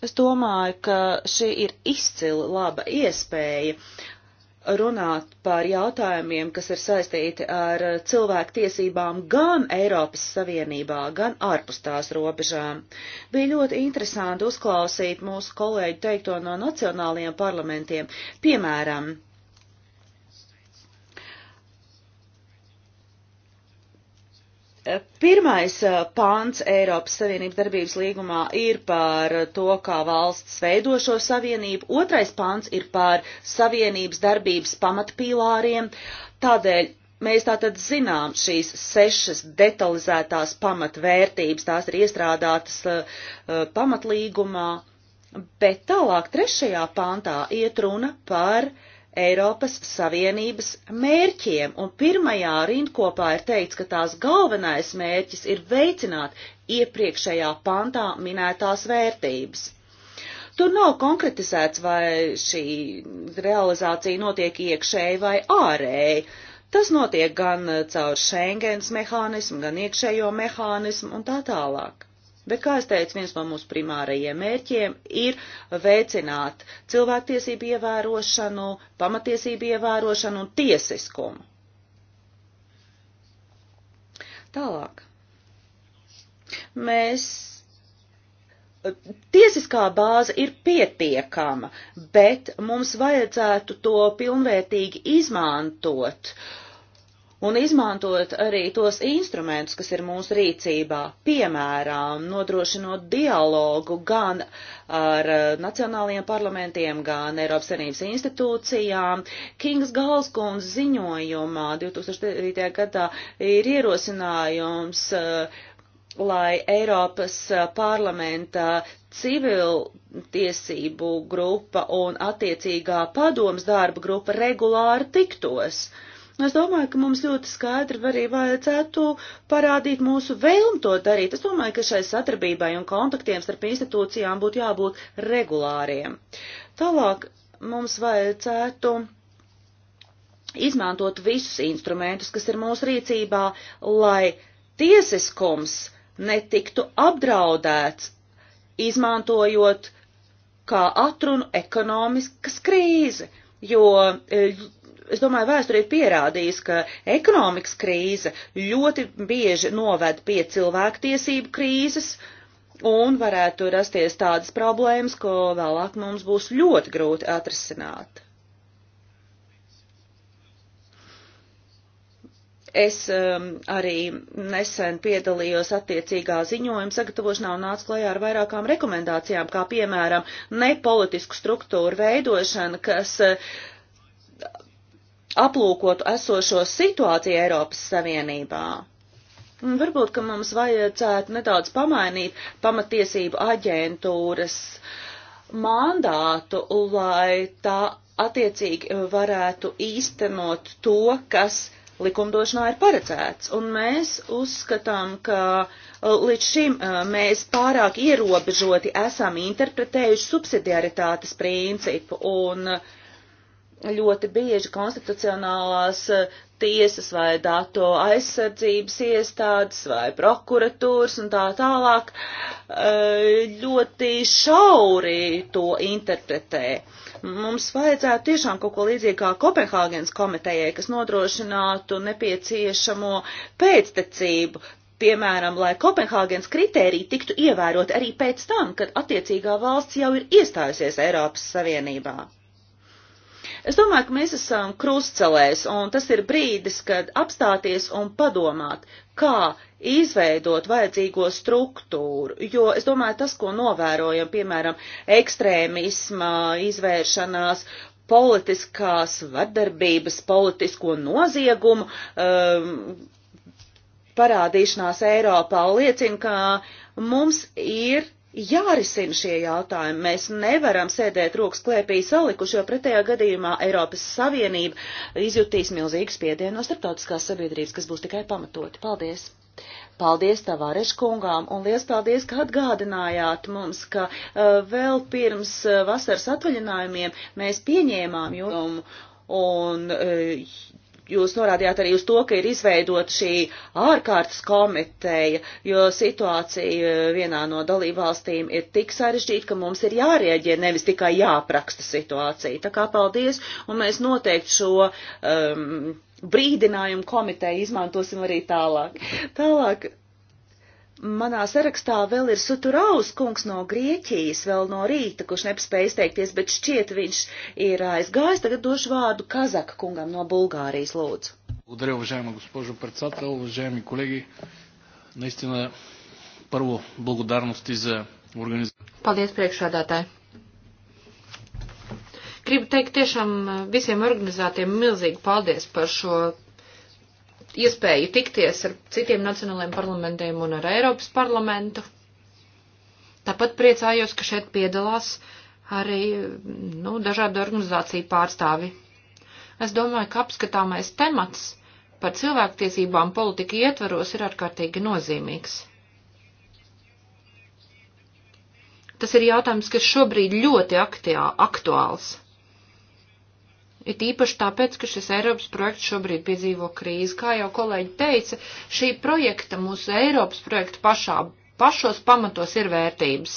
Es domāju, ka šī ir izcila laba iespēja uh, runāt par jautājumiem, kas ir saistīti ar cilvēku tiesībām gan Eiropas Savienībā, gan ārpus tās robežām. Bija ļoti interesanti uzklausīt mūsu kolēģi teikto no nacionālajiem parlamentiem. Piemēram, Pirmais eh, pāns Eiropas Savienības darbības līgumā ir par to, kā valsts veido šo savienību. Otrais pāns ir par savienības darbības pamatpīlāriem. Tādēļ mēs tātad zinām šīs sešas detalizētās pamatvērtības, tās ir iestrādātas uh, pamatlīgumā, bet tālāk trešajā pāntā iet runa par uh, Eiropas Savienības mērķiem, un pirmajā rindkopā ir teikts, ka tās galvenais mērķis ir veicināt iepriekšējā pantā minētās vērtības. Tur nav konkretizēts, vai šī realizācija notiek iekšēji vai ārēji. Tas notiek gan caur Schengens mehānismu, gan iekšējo mehānismu un tā tālāk. Bet, kā es teicu, viens no mūsu primārajiem mērķiem ir veicināt cilvēktiesību ievērošanu, pamatiesību ievērošanu un tiesiskumu. Tālāk. Mēs Tiesiskā bāze ir pietiekama, bet mums vajadzētu to pilnvērtīgi izmantot, un izmantot arī tos instrumentus, kas ir mūsu rīcībā, piemēram, nodrošinot dialogu gan ar eh, nacionālajiem parlamentiem, gan Eiropas Savienības institūcijām. Kings Galskunds ziņojumā 2009. gadā ir ierosinājums, eh, lai Eiropas eh, parlamenta civiltiesību grupa un attiecīgā padoms darba grupa regulāri tiktos. Uh, Es domāju, ka mums ļoti skaidri arī vajadzētu parādīt mūsu vēlmu to darīt. Es domāju, ka šai sadarbībai un kontaktiem starp institūcijām būtu jābūt regulāriem. Tālāk mums vajadzētu izmantot visus instrumentus, kas ir mūsu rīcībā, lai tiesiskums netiktu apdraudēts, izmantojot kā atrunu ekonomiskas krīzi, jo eh, es domāju, vēsturē pierādījis, ka ekonomikas krīze ļoti bieži noved pie cilvēktiesību krīzes un varētu rasties tādas problēmas, ko vēlāk mums būs ļoti grūti atrisināt. Es um, arī nesen piedalījos attiecīgā ziņojuma sagatavošanā un nācu klajā ar vairākām rekomendācijām, kā piemēram nepolitisku struktūru veidošana, kas uh, aplūkotu esošo situāciju Eiropas Savienībā. Un varbūt, ka mums vajadzētu nedaudz pamainīt pamatiesību aģentūras mandātu, lai tā attiecīgi varētu īstenot to, kas likumdošanā ir paredzēts. Un mēs uzskatām, ka uh, līdz šim uh, mēs pārāk ierobežoti esam interpretējuši subsidiaritātes principu un uh, ļoti bieži konstitucionālās eh, tiesas vai datu aizsardzības iestādes vai prokuratūras un tā tālāk eh, ļoti šauri to interpretē. Mums vajadzētu tiešām kaut ko līdzīgu kā Kopenhāgenes komitejai, kas nodrošinātu nepieciešamo pēctecību, piemēram, lai Kopenhāgenes kritērija tiktu ievērot arī pēc tam, kad attiecīgā valsts jau ir iestājusies Eiropas Savienībā. Es domāju, ka mēs esam krustcelēs, un tas ir brīdis, kad apstāties un padomāt, kā izveidot vajadzīgo struktūru, jo es domāju, tas, ko novērojam, piemēram, ekstrēmisma izvēršanās, politiskās vardarbības, politisko noziegumu, um, parādīšanās Eiropā liecina, ka mums ir jārisina šie jautājumi. Mēs nevaram sēdēt rokas klēpī salikuši, jo pretējā gadījumā Eiropas Savienība izjutīs milzīgu spiedienu no starptautiskās sabiedrības, kas būs tikai pamatoti. Paldies! Paldies Tavarešu kungām un liels paldies, ka atgādinājāt mums, ka uh, vēl pirms uh, vasaras atvaļinājumiem mēs pieņēmām jums un uh, jūs norādījāt arī uz to, ka ir izveidota šī ārkārtas komiteja, jo situācija eh, vienā no dalībvalstīm ir tik sarežģīta, ka mums ir jārieģē, nevis tikai jāapraksta situācija. Tā kā paldies, un mēs noteikti šo um, brīdinājumu komiteju izmantosim arī tālāk. Tālāk Manā sarakstā vēl ir Suturaus kungs no Grieķijas vēl no rīta, kurš nepaspēja izteikties, bet šķiet viņš ir aizgājis. Tagad došu vārdu Kazaka kungam no Bulgārijas lūdzu. Благодаря, уважаема госпожо председател, уважаеми колеги. Наистина, първо, благодарности за организацията. Paldies, priekšādātāji. Gribu teikt tiešām visiem organizētiem milzīgi paldies par šo iespēja tikties ar citiem nacionālajiem parlamentiem un ar Eiropas parlamentu. Tāpat priecājos, ka šeit piedalās arī nu, dažādu organizāciju pārstāvi. Es domāju, ka apskatāmais temats par cilvēktiesībām politika ietvaros ir ārkārtīgi nozīmīgs. Tas ir jautājums, kas šobrīd ļoti aktuāls. It īpaši tāpēc, ka šis Eiropas projekts šobrīd piedzīvo krīzi. Kā jau kolēģi teica, šī projekta, mūsu Eiropas projekta pašā, pašos pamatos ir vērtības.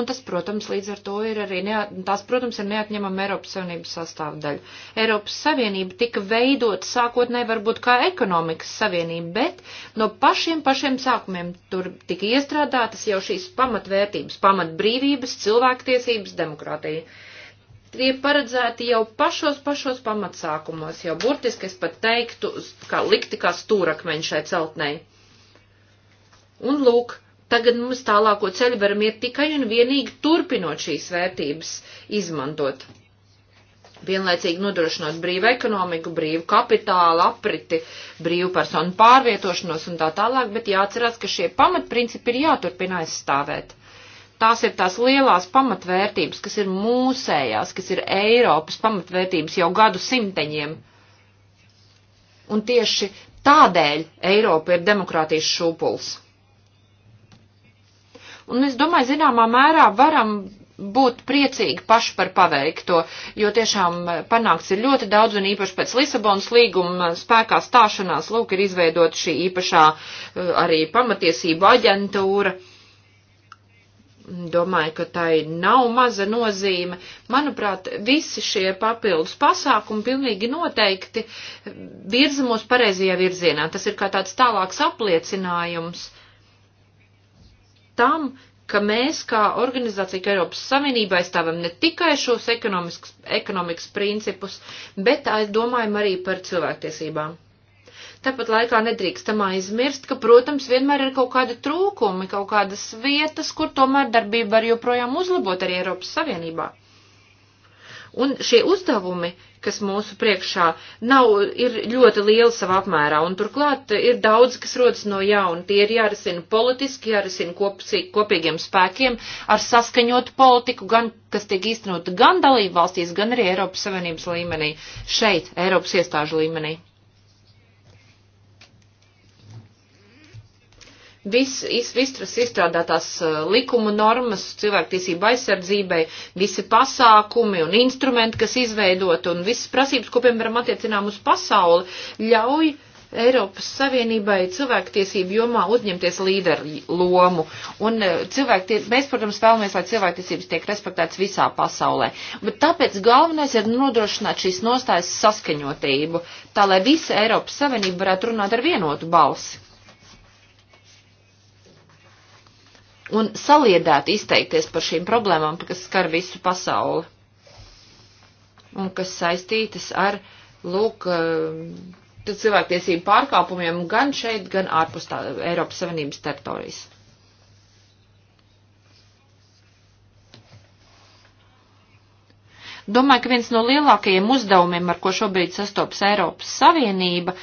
Un tas, protams, līdz ar to ir arī, neat, tās, protams, ir neatņemama Eiropas Savienības sastāvdaļa. Eiropas Savienība tika veidota sākotnēji varbūt kā ekonomikas savienība, bet no pašiem pašiem sākumiem tur tika iestrādātas jau šīs pamatvērtības, pamatbrīvības, cilvēktiesības, demokrātija. Uh, tie paredzēti jau pašos pašos pamatsākumos, jau burtiski es pat teiktu, kā likti kā stūrakmeņš šai celtnei. Un lūk, tagad mums tālāko ceļu varam iet tikai un vienīgi turpinot šīs vērtības izmantot. Vienlaicīgi nodrošinot brīvu ekonomiku, brīvu kapitālu, apriti, brīvu personu pārvietošanos un tā tālāk, bet jāatcerās, ka šie pamatprincipi ir jāturpina aizstāvēt. Tās ir tās lielās pamatvērtības, kas ir mūsējās, kas ir Eiropas pamatvērtības jau gadu simteņiem. Un tieši tādēļ Eiropa ir demokrātijas šūpuls. Un es domāju, zināmā mērā varam būt priecīgi paši par paveikto, jo tiešām panākts ir ļoti daudz un īpaši pēc Lisabonas līguma spēkā stāšanās, lūk, ir izveidota šī īpašā eh, arī pamatiesība aģentūra domāju, ka tai nav maza nozīme. Manuprāt, visi šie papildus pasākumi pilnīgi noteikti virza mūs pareizajā virzienā. Tas ir kā tāds tālāks apliecinājums tam, ka mēs kā organizācija, kā Eiropas Savienība aizstāvam ne tikai šos ekonomikas principus, bet domājam arī par cilvēktiesībām. Tāpat laikā nedrīkstam aizmirst, ka, protams, vienmēr ir kaut kādi trūkumi, kaut kādas vietas, kur tomēr darbība var joprojām uzlabot arī Eiropas Savienībā. Un šie uzdevumi, kas mūsu priekšā nav, ir ļoti lieli savā apmērā, un turklāt ir daudz, kas rodas no jauna. Tie ir jārisina politiski, jārisina kopsi, kopīgiem spēkiem ar saskaņotu politiku, gan, kas tiek īstenota gan dalību valstīs, gan arī Eiropas Savienības līmenī, šeit, Eiropas iestāžu līmenī. Viss, visas izstrādātās uh, likuma normas cilvēktiesība aizsardzībai, visi pasākumi un instrumenti, kas izveidot un visas prasības, ko, piemēram, attiecinām uz pasauli, ļauj Eiropas Savienībai cilvēktiesību jomā uzņemties līderu lomu. Un uh, cilvēkties, mēs, protams, vēlamies, lai cilvēktiesības tiek respektētas visā pasaulē. Bet tāpēc galvenais ir nodrošināt šīs nostājas saskaņotību, tā lai visa Eiropas Savienība varētu runāt ar vienotu balsi. un saliedēt izteikties par šīm problēmām, kas skar visu pasauli un kas saistītas ar, lūk, eh, cilvēktiesību pārkāpumiem gan šeit, gan ārpus tā, Eiropas Savienības teritorijas. Domāju, ka viens no lielākajiem uzdevumiem, ar ko šobrīd sastopas Eiropas Savienība,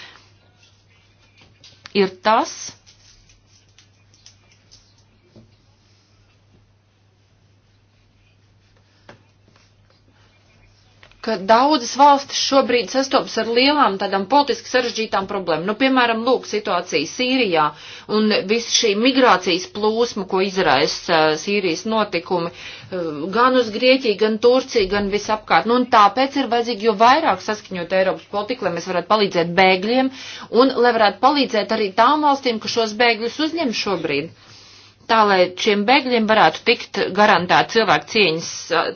ir tas, ka daudzas valstis šobrīd sastopas ar lielām tādām politiski sarežģītām problēmām. Nu, piemēram, lūk, situācija Sīrijā un visa šī migrācijas plūsma, ko izraisa Sīrijas notikumi, gan uz Grieķiju, gan Turciju, gan visapkārt. Nu, un tāpēc ir vajadzīgi jo vairāk saskaņot Eiropas politiku, lai mēs varētu palīdzēt bēgļiem un lai varētu palīdzēt arī tām valstīm, kas šos bēgļus uzņem šobrīd tā lai šiem bēgļiem varētu tikt garantēt cilvēku cieņas,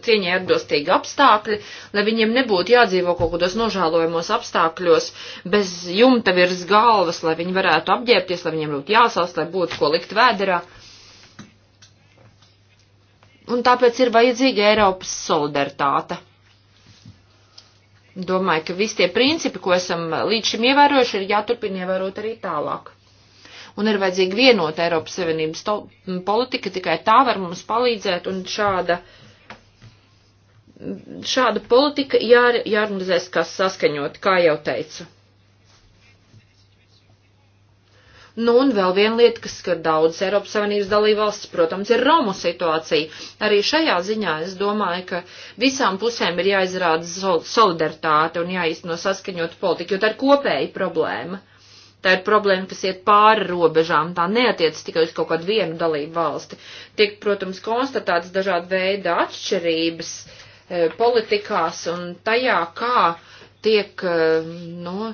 cieņai atbilstīgi apstākļi, lai viņiem nebūtu jādzīvo kaut kādos nožēlojamos apstākļos bez jumta virs galvas, lai viņi varētu apģērbties, lai viņiem būtu jāsals, lai būtu ko likt vēderā. Un tāpēc ir vajadzīga Eiropas solidaritāte. Domāju, ka visi tie principi, ko esam līdz šim ievērojuši, ir jāturpina ievērot arī tālāk un ir vajadzīga vienota Eiropas Savienības politika, tikai tā var mums palīdzēt un šāda. Šāda politika jār, jārunizēs, kas saskaņot, kā jau teicu. Nu, un vēl viena lieta, kas skar daudz Eiropas Savienības dalībvalstis, protams, ir Romu situācija. Arī šajā ziņā es domāju, ka visām pusēm ir jāizrāda solidaritāte un jāizno saskaņot politiku, jo tā ir kopēja problēma. Tā ir problēma, kas iet pāri robežām, tā neatiec tikai uz kaut kādu vienu dalību valsti. Tiek, protams, konstatēts dažādi veidi atšķirības e, politikās un tajā, kā tiek, e, no, nu,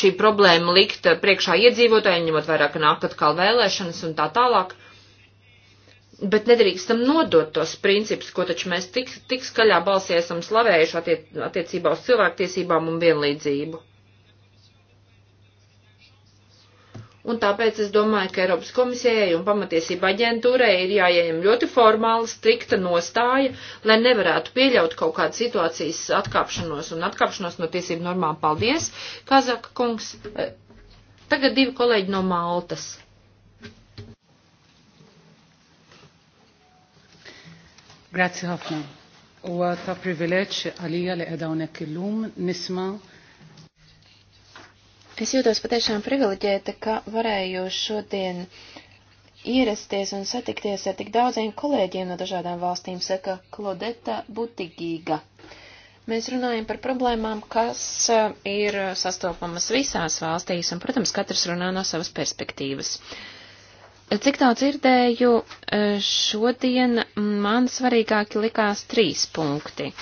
šī problēma likta priekšā iedzīvotājiem, ņemot vairāk nāk atkal vēlēšanas un tā tālāk bet nedrīkstam nodot tos principus, ko taču mēs tik, tik skaļā balsī esam slavējuši attie, attiecībā uz cilvēktiesībām un vienlīdzību. Un tāpēc es domāju, ka Eiropas komisijai un pamatiesība aģentūrai ir jāieņem ļoti formāla, strikta nostāja, lai nevarētu pieļaut kaut kādu situācijas atkāpšanos un atkāpšanos no tiesību normām. Paldies, Kazaka kungs. Eh, tagad divi kolēģi no Maltas. Grazie ħafna. Huwa ta' privileġġ għalija li qiegħda hawnhekk illum nisma' Es jūtos patiešām privileģēta, ka varēju šodien ierasties un satikties ar tik daudziem kolēģiem no dažādām valstīm, saka Klodeta Butigīga. Mēs runājam par problēmām, kas e, ir sastopamas visās valstīs, un, protams, katrs runā no savas perspektīvas. Cik tā dzirdēju, e, šodien man svarīgāki likās trīs punkti.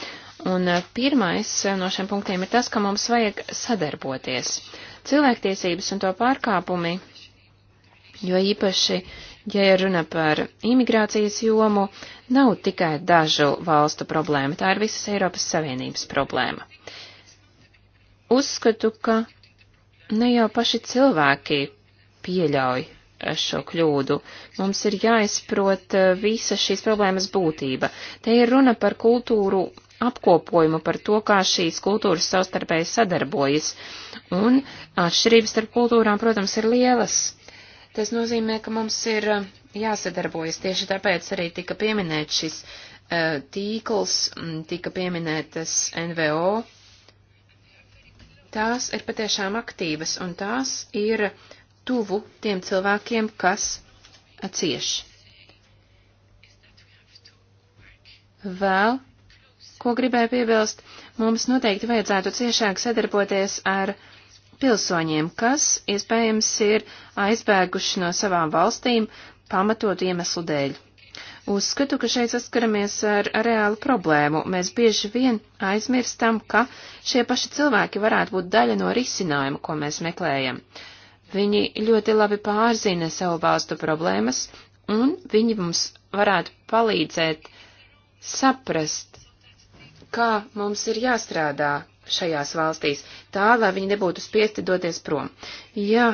Un e, pirmais no šiem punktiem ir tas, ka mums vajag sadarboties cilvēktiesības un to pārkāpumi, jo īpaši, ja ir runa par imigrācijas jomu, nav tikai dažu valstu problēma, tā ir visas Eiropas Savienības problēma. Uzskatu, ka ne jau paši cilvēki pieļauj šo kļūdu. Mums ir jāizprot visa šīs problēmas būtība. Te ir runa par kultūru apkopojumu par to, kā šīs kultūras savstarpēji sadarbojas. Un atšķirības starp kultūrām, protams, ir lielas. Tas nozīmē, ka mums ir uh, jāsadarbojas. Tieši tāpēc arī tika pieminēts šis uh, tīkls, mm, tika pieminētas NVO. Tās ir patiešām aktīvas un tās ir tuvu tiem cilvēkiem, kas uh, cieš. Vēl Ko gribēju piebilst, mums noteikti vajadzētu ciešāk sadarboties ar pilsoņiem, kas, iespējams, ir aizbēguši no savām valstīm pamatot iemeslu dēļ. Uzskatu, ka šeit saskaramies ar reālu problēmu. Mēs bieži vien aizmirstam, ka šie paši cilvēki varētu būt daļa no risinājuma, ko mēs meklējam. Viņi ļoti labi pārzina savu valstu problēmas, un viņi mums varētu palīdzēt saprast, kā mums ir jāstrādā šajās valstīs, tā, lai viņi nebūtu spiesti doties prom. Jā,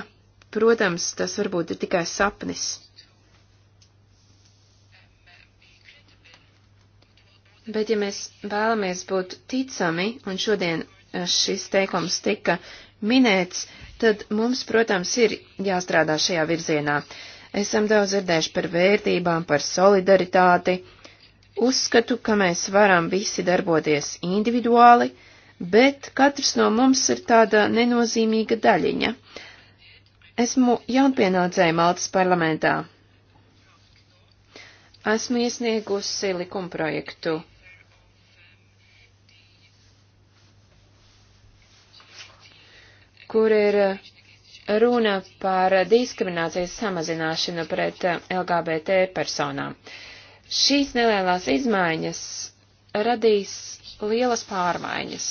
protams, tas varbūt ir tikai sapnis. Bet ja mēs vēlamies būt ticami, un šodien eh, šis teikums tika minēts, tad mums, protams, ir jāstrādā šajā virzienā. Esam daudz dzirdējuši par vērtībām, par solidaritāti, Uzskatu, ka mēs varam visi darboties individuāli, bet katrs no mums ir tāda nenozīmīga daļiņa. Esmu jaunpienācēja Maltas parlamentā. Esmu iesniegusi likumprojektu. kur ir eh, runa par diskriminācijas samazināšanu pret eh, LGBT personām. Uh, Šīs nelielās izmaiņas radīs lielas pārmaiņas.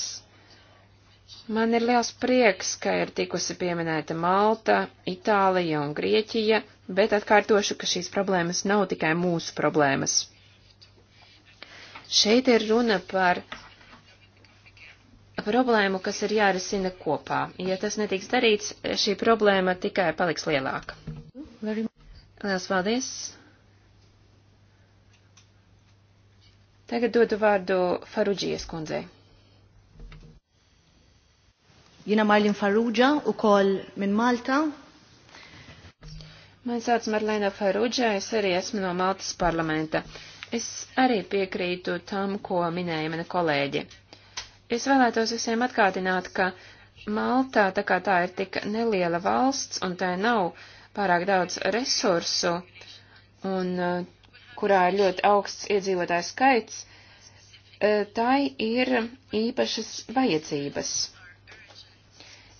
Man ir liels prieks, ka ir tikusi pieminēta Malta, Itālija un Grieķija, bet atkārtošu, ka šīs problēmas nav tikai mūsu problēmas. Šeit ir runa par problēmu, kas ir jārisina kopā. Ja tas netiks darīts, šī problēma tikai paliks lielāka. Lielas paldies! Tagad dodu vārdu Farudžijas kundzei. Jina Marlin Farrugia u kol min Malta. Mani sauc Marlena Farrugia, es arī esmu no Maltas parlamenta. Es arī piekrītu tam, ko minēja mana kolēģi. Es vēlētos visiem atkārtināt, ka Maltā, tā kā tā ir tik neliela valsts un tā nav pārāk daudz resursu, un kurā ir ļoti augsts iedzīvotājs skaits, e, tai ir īpašas vajadzības.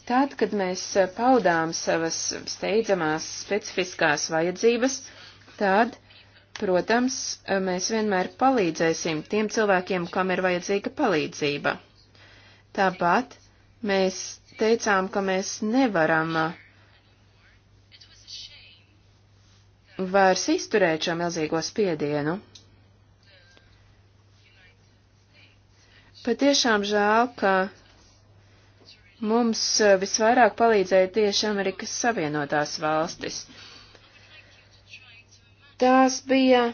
Tad, kad mēs paudām savas steidzamās specifiskās vajadzības, tad, protams, mēs vienmēr palīdzēsim tiem cilvēkiem, kam ir vajadzīga palīdzība. Tāpat mēs teicām, ka mēs nevaram vairs izturēt šo milzīgo spiedienu. Patiešām žēl, ka mums visvairāk palīdzēja tieši Amerikas Savienotās valstis. Tās bija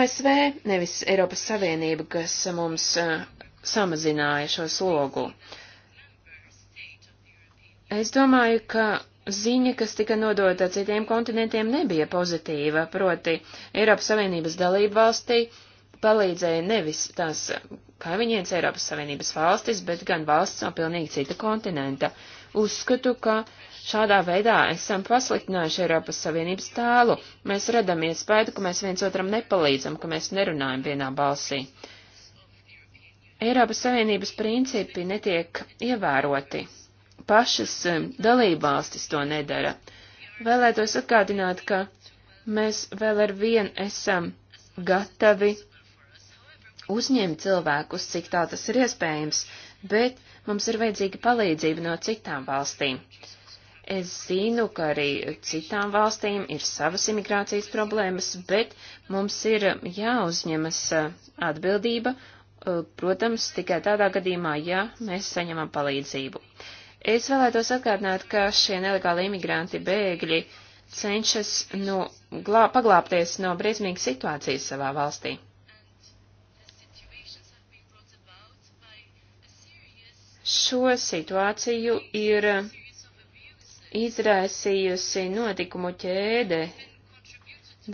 ASV, nevis Eiropas Savienība, kas mums uh, samazināja šo slogu. Es domāju, ka ziņa, kas tika nodota citiem kontinentiem, nebija pozitīva, proti Eiropas Savienības dalību valstī palīdzēja nevis tās kaimiņienes Eiropas Savienības valstis, bet gan valsts no pilnīgi cita kontinenta. Uzskatu, ka šādā veidā esam pasliktinājuši Eiropas Savienības tēlu. Mēs redam iespēju, ka mēs viens otram nepalīdzam, ka mēs nerunājam vienā balsī. Eiropas Savienības principi netiek ievēroti, pašas dalībvalstis to nedara. Vēlētos atgādināt, ka mēs vēl ar vien esam gatavi uzņemt cilvēkus, cik tā tas ir iespējams, bet mums ir vajadzīga palīdzība no citām valstīm. Es zinu, ka arī citām valstīm ir savas imigrācijas problēmas, bet mums ir jāuzņemas eh, atbildība, eh, protams, tikai tādā gadījumā, ja mēs saņemam palīdzību. Es vēlētos atgādināt, ka šie nelegāli imigranti bēgļi cenšas no, glā, paglāpties no briesmīgas situācijas savā valstī. Šo situāciju ir izraisījusi notikumu ķēde,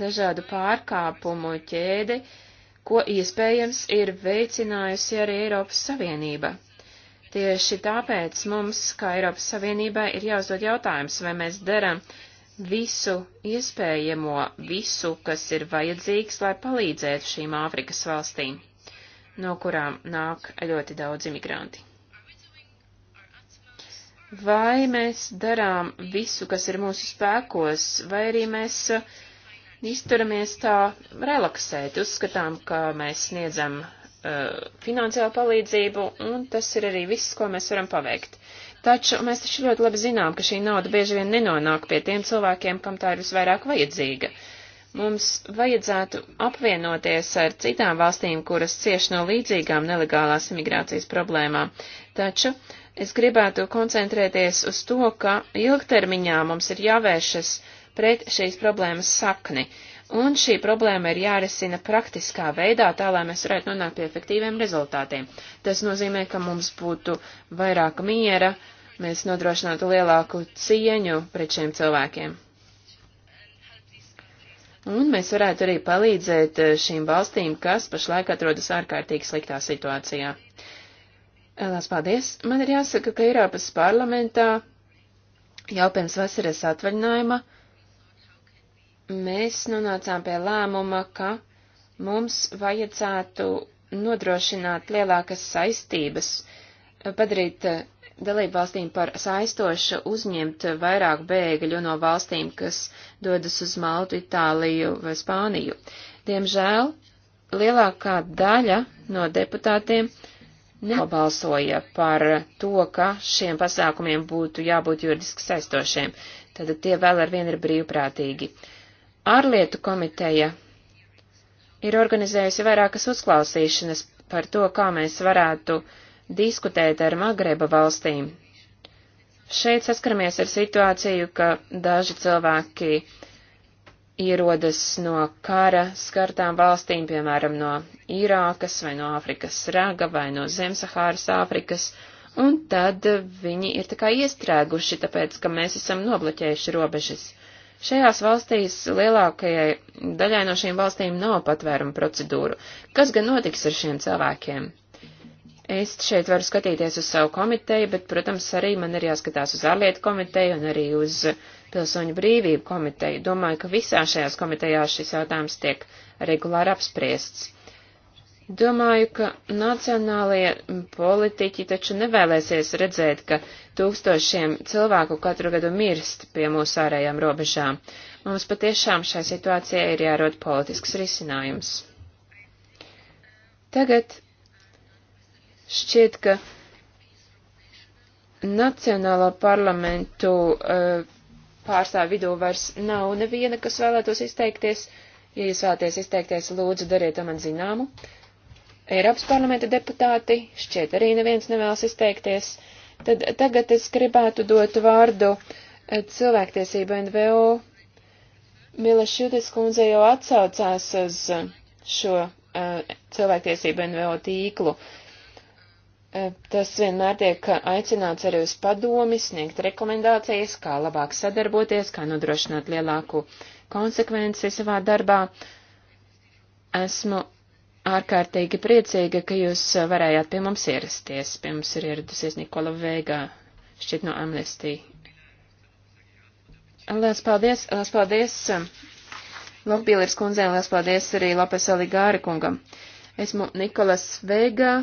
dažādu pārkāpumu ķēde, ko iespējams ir veicinājusi arī Eiropas Savienība. Tieši tāpēc mums, kā Eiropas Savienībai, ir jāuzdod jautājums, vai mēs deram visu iespējamo, visu, kas ir vajadzīgs, lai palīdzētu šīm Āfrikas valstīm, no kurām nāk ļoti daudz imigranti. Vai mēs darām visu, kas ir mūsu spēkos, vai arī mēs izturamies tā relaksēti, uzskatām, ka mēs sniedzam Eh, finansiālu palīdzību, un tas ir arī viss, ko mēs varam paveikt. Taču mēs taču ļoti labi zinām, ka šī nauda bieži vien nenonāk pie tiem cilvēkiem, kam tā ir visvairāk vajadzīga. Mums vajadzētu apvienoties ar citām valstīm, kuras cieš no līdzīgām nelegālās imigrācijas problēmām, taču es gribētu koncentrēties uz to, ka ilgtermiņā mums ir jāvēršas pret šīs problēmas sakni. Uh, un šī problēma ir jārisina praktiskā veidā, tā lai mēs varētu nonākt pie efektīviem rezultātiem. Tas nozīmē, ka mums būtu vairāk miera, mēs nodrošinātu lielāku cieņu pret šiem cilvēkiem. Un mēs varētu arī palīdzēt eh, šīm valstīm, kas pašlaik atrodas ārkārtīgi sliktā situācijā. Lās paldies! Man ir jāsaka, ka Eiropas parlamentā jau pirms vasaras atvaļinājuma mēs nonācām pie lēmuma, ka mums vajadzētu nodrošināt lielākas saistības, padarīt eh, dalību valstīm par saistošu uzņemt vairāk bēgļu no valstīm, kas dodas uz Maltu, Itāliju vai Spāniju. Diemžēl lielākā daļa no deputātiem nebalsoja par to, ka šiem pasākumiem būtu jābūt juridiski saistošiem. Tad tie vēl ar vienu ir brīvprātīgi. Uh, Ārlietu komiteja ir organizējusi vairākas uzklausīšanas par to, kā mēs varētu diskutēt ar Magreba valstīm. Šeit saskaramies ar situāciju, ka daži cilvēki ierodas no kara skartām valstīm, piemēram, no Irākas vai no Āfrikas raga vai no Zemsahāras Āfrikas, un tad viņi ir tā kā iestrēguši, tāpēc, ka mēs esam nobloķējuši robežas. Šajās valstīs lielākajai daļai no šīm valstīm nav patvērumu procedūru. Kas gan notiks ar šiem cilvēkiem? Es šeit varu skatīties uz savu komiteju, bet, protams, arī man ir jāskatās uz ārlietu komiteju un arī uz pilsoņu brīvību komiteju. Domāju, ka visā šajās komitejās šis jautājums tiek regulāri apspriests. Domāju, ka nacionālie politiķi taču nevēlēsies redzēt, ka tūkstošiem cilvēku katru gadu mirst pie mūsu ārējām robežām. Mums patiešām šai situācijai ir jārod politisks risinājums. Tagad šķiet, ka Nacionālo parlamentu uh, pārstāvu vidū vairs nav neviena, kas vēlētos izteikties. Ja jūs vēlaties izteikties, lūdzu, dariet to man zināmu. Eiropas parlamenta deputāti šķiet arī neviens nevēlas izteikties. Uh, Tad tagad es gribētu dot vārdu eh, cilvēktiesību NVO. Mila Šutis kundze jau atsaucās uz šo uh, cilvēktiesību NVO tīklu. Eh, tas vienmēr tiek aicināts arī uz padomi, sniegt rekomendācijas, kā labāk sadarboties, kā nodrošināt lielāku konsekvenci savā darbā. Esmu ārkārtīgi priecīga, ka jūs varējāt pie mums ierasties. Pie mums ir ieradusies Nikola Veiga, šķiet no Amnesty. Lielas paldies, lielas paldies um, Lokbīlers kundzēm, lielas paldies arī Lopes Aligāri kungam. Esmu Nikolas Veiga,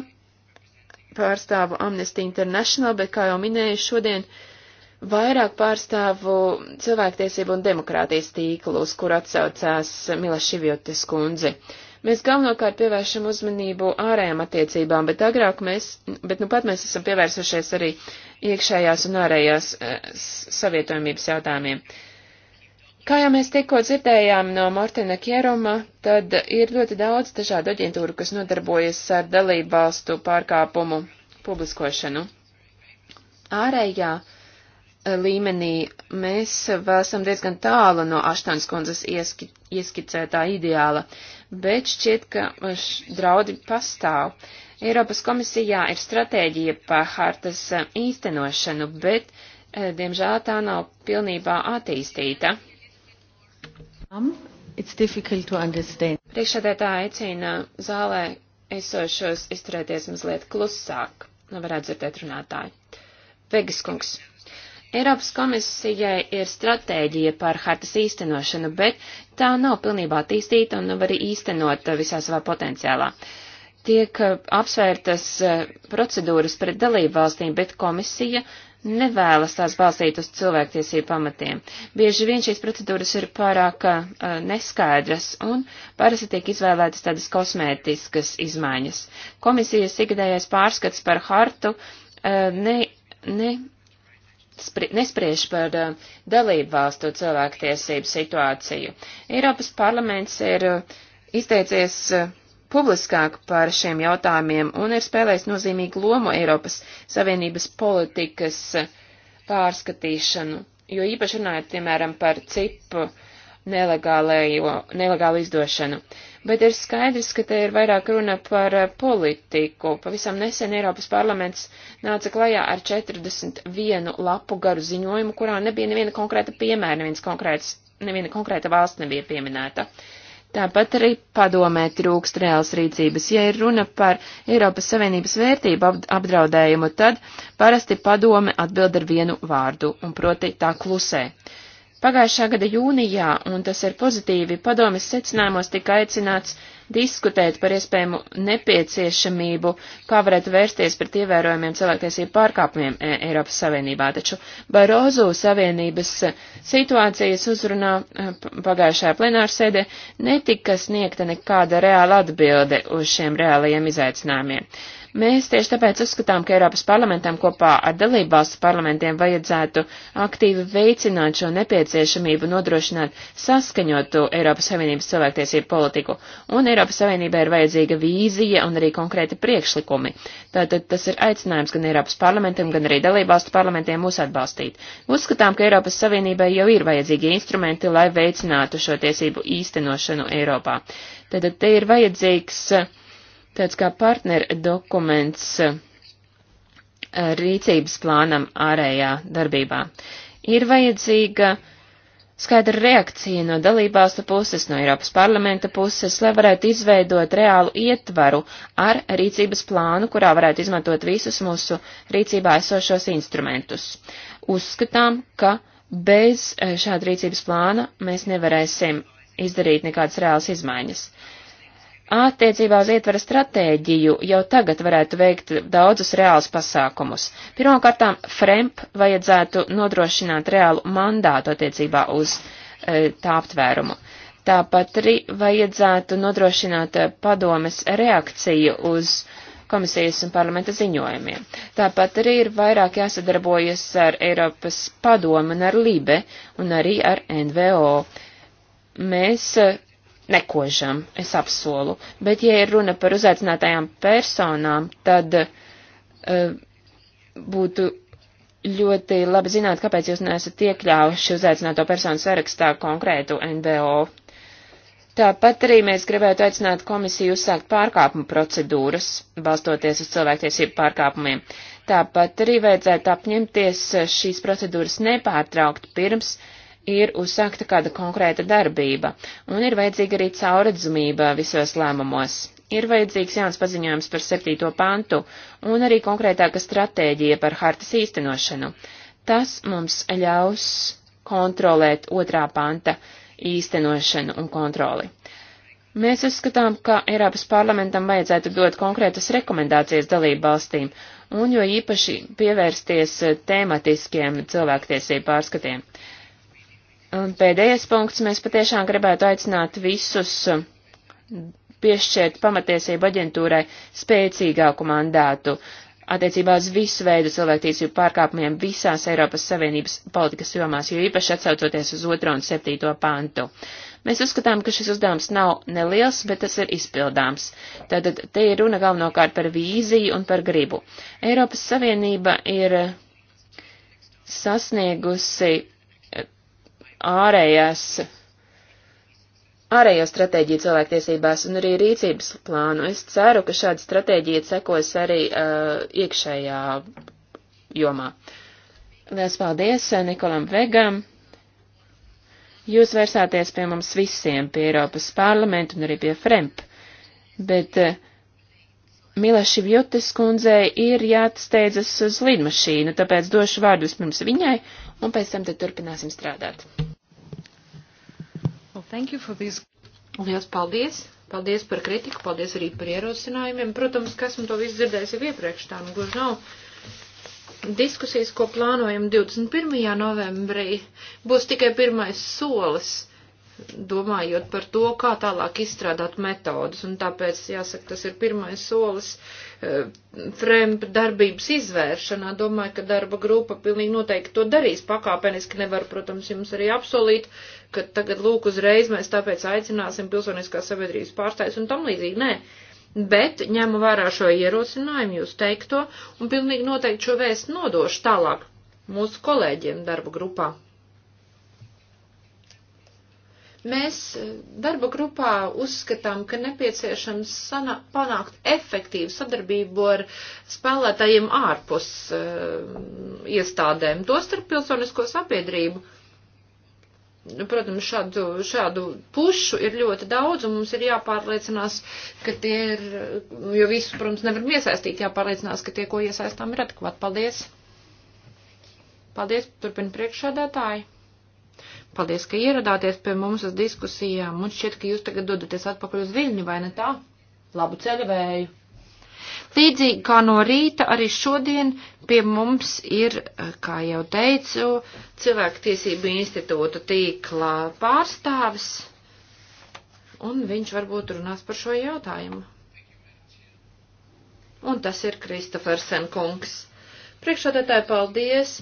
pārstāvu Amnesty International, bet, kā jau minēju, šodien vairāk pārstāvu cilvēktiesību un demokrātijas tīklus, kur atsaucās Mila Šivjotes kundzi. Uh, Mēs galvenokārt pievēršam uzmanību ārējām attiecībām, bet agrāk mēs, bet nu pat mēs esam pievērsušies arī iekšējās un ārējās eh, savietojumības jautājumiem. Kā jau mēs tikko dzirdējām no Martina Kieruma, tad ir ļoti daudz dažādu aģentūru, kas nodarbojas ar dalību valstu pārkāpumu publiskošanu. Ārējā eh, līmenī mēs esam diezgan tālu no Aštāns kundzes ieski, ieskicētā ideāla bet šķiet, ka e, draudi pastāv. Eiropas komisijā ir stratēģija par hartas e, īstenošanu, bet, e, diemžēl, tā nav pilnībā attīstīta. Um, Priekšsēdētā aicina zālē esošos izturēties mazliet klusāk, nevarētu nu, dzirdēt runātāju. Vegas kungs. Eiropas komisijai ir stratēģija par hartas īstenošanu, bet tā nav pilnībā attīstīta un nav arī īstenot eh, visā savā potenciālā. Tiek eh, apsvērtas eh, procedūras pret dalību valstīm, bet komisija nevēlas tās balstīt uz cilvēktiesību pamatiem. Bieži vien šīs procedūras ir pārāk uh, neskaidras un parasti tiek izvēlētas tādas kosmētiskas izmaiņas. Komisijas ikgadējais pārskats par hartu uh, ne, ne nespriež par uh, dalību valstu cilvēktiesību situāciju. Eiropas parlaments ir uh, izteicies uh, publiskāk par šiem jautājumiem un ir spēlējis nozīmīgu lomu Eiropas Savienības politikas pārskatīšanu, jo īpaši runājot, piemēram, par cipu uh, nelegālu izdošanu. Bet ir skaidrs, ka te ir vairāk runa par eh, politiku. Pavisam nesen Eiropas parlaments nāca klajā ar 41 lapu garu ziņojumu, kurā nebija neviena konkrēta piemēra, neviens konkrēts, neviena konkrēta valsts nebija pieminēta. Tāpat arī padomē trūkst reāls rīcības. Ja ir runa par Eiropas Savienības vērtību apdraudējumu, tad parasti padome atbild ar vienu vārdu, un proti tā klusē. Pagājušā gada jūnijā, un tas ir pozitīvi, padomis secinājumos tika aicināts diskutēt par iespējamu nepieciešamību, kā varētu vērsties pret ievērojumiem cilvēktiesību pārkāpumiem e- Eiropas Savienībā. Taču Barozu Savienības situācijas uzrunā eh, pagājušajā plenārsēdē netika sniegta nekāda reāla atbilde uz šiem reālajiem izaicinājumiem. Mēs tieši tāpēc uzskatām, ka Eiropas parlamentam kopā ar dalībvalstu parlamentiem vajadzētu aktīvi veicināt šo nepieciešamību nodrošināt saskaņotu Eiropas Savienības cilvēktiesību politiku, un Eiropas Savienībā ir vajadzīga vīzija un arī konkrēti priekšlikumi. Tātad tas ir aicinājums gan Eiropas parlamentam, gan arī dalībvalstu parlamentiem mūs atbalstīt. Uzskatām, ka Eiropas Savienībai jau ir vajadzīgi instrumenti, lai veicinātu šo tiesību īstenošanu Eiropā. Tātad te ir vajadzīgs uh, tāds kā partneru dokuments eh, rīcības plānam ārējā darbībā. Ir vajadzīga skaidra reakcija no dalībvalstu puses, no Eiropas parlamenta puses, lai varētu izveidot reālu ietvaru ar rīcības plānu, kurā varētu izmantot visus mūsu rīcībā esošos instrumentus. Uzskatām, ka bez eh, šāda rīcības plāna mēs nevarēsim izdarīt nekādas reālas izmaiņas attiecībā uz ietvara stratēģiju jau tagad varētu veikt daudzus reālus pasākumus. Pirmkārtām, FREMP vajadzētu nodrošināt reālu mandātu attiecībā uz e, tā aptvērumu. Tāpat arī vajadzētu nodrošināt e, padomes reakciju uz komisijas un parlamenta ziņojumiem. Tāpat arī ir vairāk jāsadarbojas ar Eiropas padomu un ar LIBE un arī ar NVO. Mēs e, nekožam, es apsolu. Bet, ja ir runa par uzaicinātajām personām, tad uh, būtu ļoti labi zināt, kāpēc jūs neesat iekļāvuši uzaicināto personu sarakstā konkrētu NVO. Tāpat arī mēs gribētu aicināt komisiju uzsākt pārkāpumu procedūras, balstoties uz cilvēktiesību pārkāpumiem. Tāpat arī vajadzētu apņemties šīs procedūras nepārtraukt pirms uh, ir uzsākta kāda konkrēta darbība, un ir vajadzīga arī cauredzamība visos lēmumos. Ir vajadzīgs jauns paziņojums par septīto pantu un arī konkrētāka stratēģija par hartas īstenošanu. Tas mums ļaus kontrolēt otrā panta īstenošanu un kontroli. Mēs uzskatām, ka Eiropas parlamentam vajadzētu dot konkrētas rekomendācijas dalību valstīm, un jo īpaši pievērsties tēmatiskiem cilvēktiesību pārskatiem. Un um, pēdējais punkts. Mēs patiešām gribētu aicināt visus um, piešķirt pamatiesību aģentūrai spēcīgāku mandātu attiecībā uz visu veidu cilvēktiesību pārkāpumiem visās Eiropas Savienības politikas jomās, jo īpaši atsaucoties uz 2 un 7 pantu. Mēs uzskatām, ka šis uzdevums nav neliels, bet tas ir izpildāms. Tātad te ir runa galvenokārt par vīziju un par gribu. Eiropas Savienība ir sasniegusi ārējās, ārējo stratēģiju cilvēktiesībās un arī rīcības plānu. Es ceru, ka šāda stratēģija sekos arī uh, iekšējā jomā. Lielas paldies uh, Nikolam Vegam! Jūs vērsāties pie mums visiem, pie Eiropas parlamentu un arī pie Fremp, bet uh, Milaši Vjotes kundzei ir jāsteidzas uz lidmašīnu, tāpēc došu vārdu vispirms viņai, un pēc tam te turpināsim strādāt. Well, thank you for these. Liels paldies! Paldies par kritiku, paldies arī par ierosinājumiem. Protams, ka esmu to visu dzirdējis jau iepriekš, tā nu gluži nav. Diskusijas, ko plānojam 21. novembrī, būs tikai pirmais solis domājot par to, kā tālāk izstrādāt metodus, un tāpēc, jāsaka, tas ir pirmais solis e, fremp darbības izvēršanā. Domāju, ka darba grupa pilnīgi noteikti to darīs pakāpeniski. Nevar, protams, jums arī apsolīt, ka tagad lūk uzreiz mēs tāpēc aicināsim pilsoniskās sabiedrības pārstājas un tam līdzīgi. Nē. Bet ņemu vērā šo ierosinājumu, jūs teikto, un pilnīgi noteikti šo vēstu nodošu tālāk mūsu kolēģiem darba grupā. Mēs eh, darba grupā uzskatām, ka nepieciešams sana, panākt efektīvu sadarbību ar spēlētājiem ārpus uh, iestādēm, to starp pilsonisko sabiedrību. Nu, protams, šādu, šādu pušu ir ļoti daudz, un mums ir jāpārliecinās, ka tie ir, jo visu, protams, nevaram iesaistīt, jāpārliecinās, ka tie, ko iesaistām, ir adekvāti. Paldies! Paldies, turpina priekšādātāji! Paldies, ka ieradāties pie mums uz diskusijām. Mums šķiet, ka jūs tagad dodaties atpakaļ uz Viļņu, vai ne tā? Labu ceļavēju! Līdzīgi kā no rīta, arī šodien pie mums ir, kā jau teicu, cilvēktiesību institūta tīkla pārstāvis, un viņš varbūt runās par šo jautājumu. Un tas ir Kristofersen kungs. Priekšādētāji, paldies!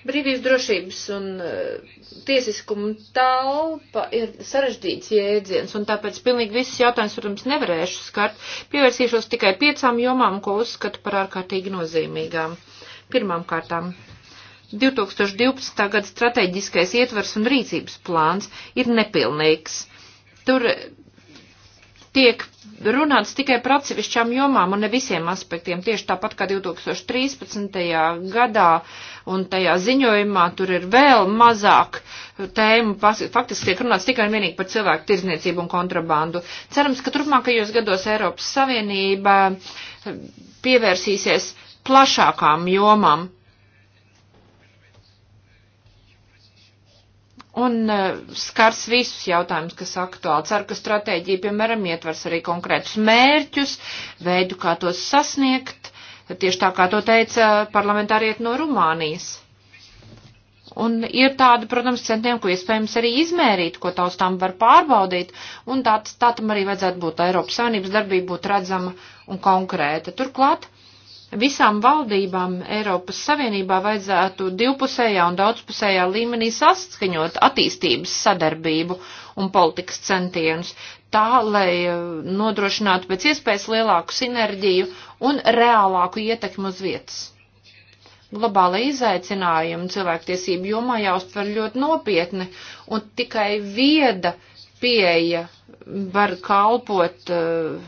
Brīvības drošības un uh, tiesiskuma talpa ir sarežģīts jēdziens, un tāpēc pilnīgi visus jautājumus, protams, nevarēšu skart. Pievērsīšos tikai piecām jomām, ko uzskatu par ārkārtīgi nozīmīgām. Pirmām kārtām. 2012. gada strateģiskais ietvers un rīcības plāns ir nepilnīgs. Tur eh, tiek runāts tikai par atsevišķām jomām un ne visiem aspektiem, tieši tāpat kā 2013. gadā un tajā ziņojumā tur ir vēl mazāk tēmu, faktiski tiek runāts tikai un vienīgi par cilvēku tirzniecību un kontrabandu. Cerams, ka turpmākajos gados Eiropas Savienība pievērsīsies plašākām jomām un eh, skars visus jautājumus, kas aktuāli. Ceru, ka stratēģija, piemēram, ietvers arī konkrētus mērķus, veidu, kā tos sasniegt, tieši tā kā to teica parlamentāriet no Rumānijas. Un ir tādi, protams, centieni, ko iespējams arī izmērīt, ko taustām var pārbaudīt, un tā, tā tam arī vajadzētu būt. Eiropas Savienības darbība būtu redzama un konkrēta. Turklāt visām valdībām Eiropas Savienībā vajadzētu divpusējā un daudzpusējā līmenī saskaņot attīstības sadarbību un politikas centienus, tā, lai eh, nodrošinātu pēc iespējas lielāku sinerģiju un reālāku ietekmu uz vietas. Globāla izaicinājuma cilvēktiesību jomā jāuztver ļoti nopietni un tikai vieda pieeja var kalpot uh,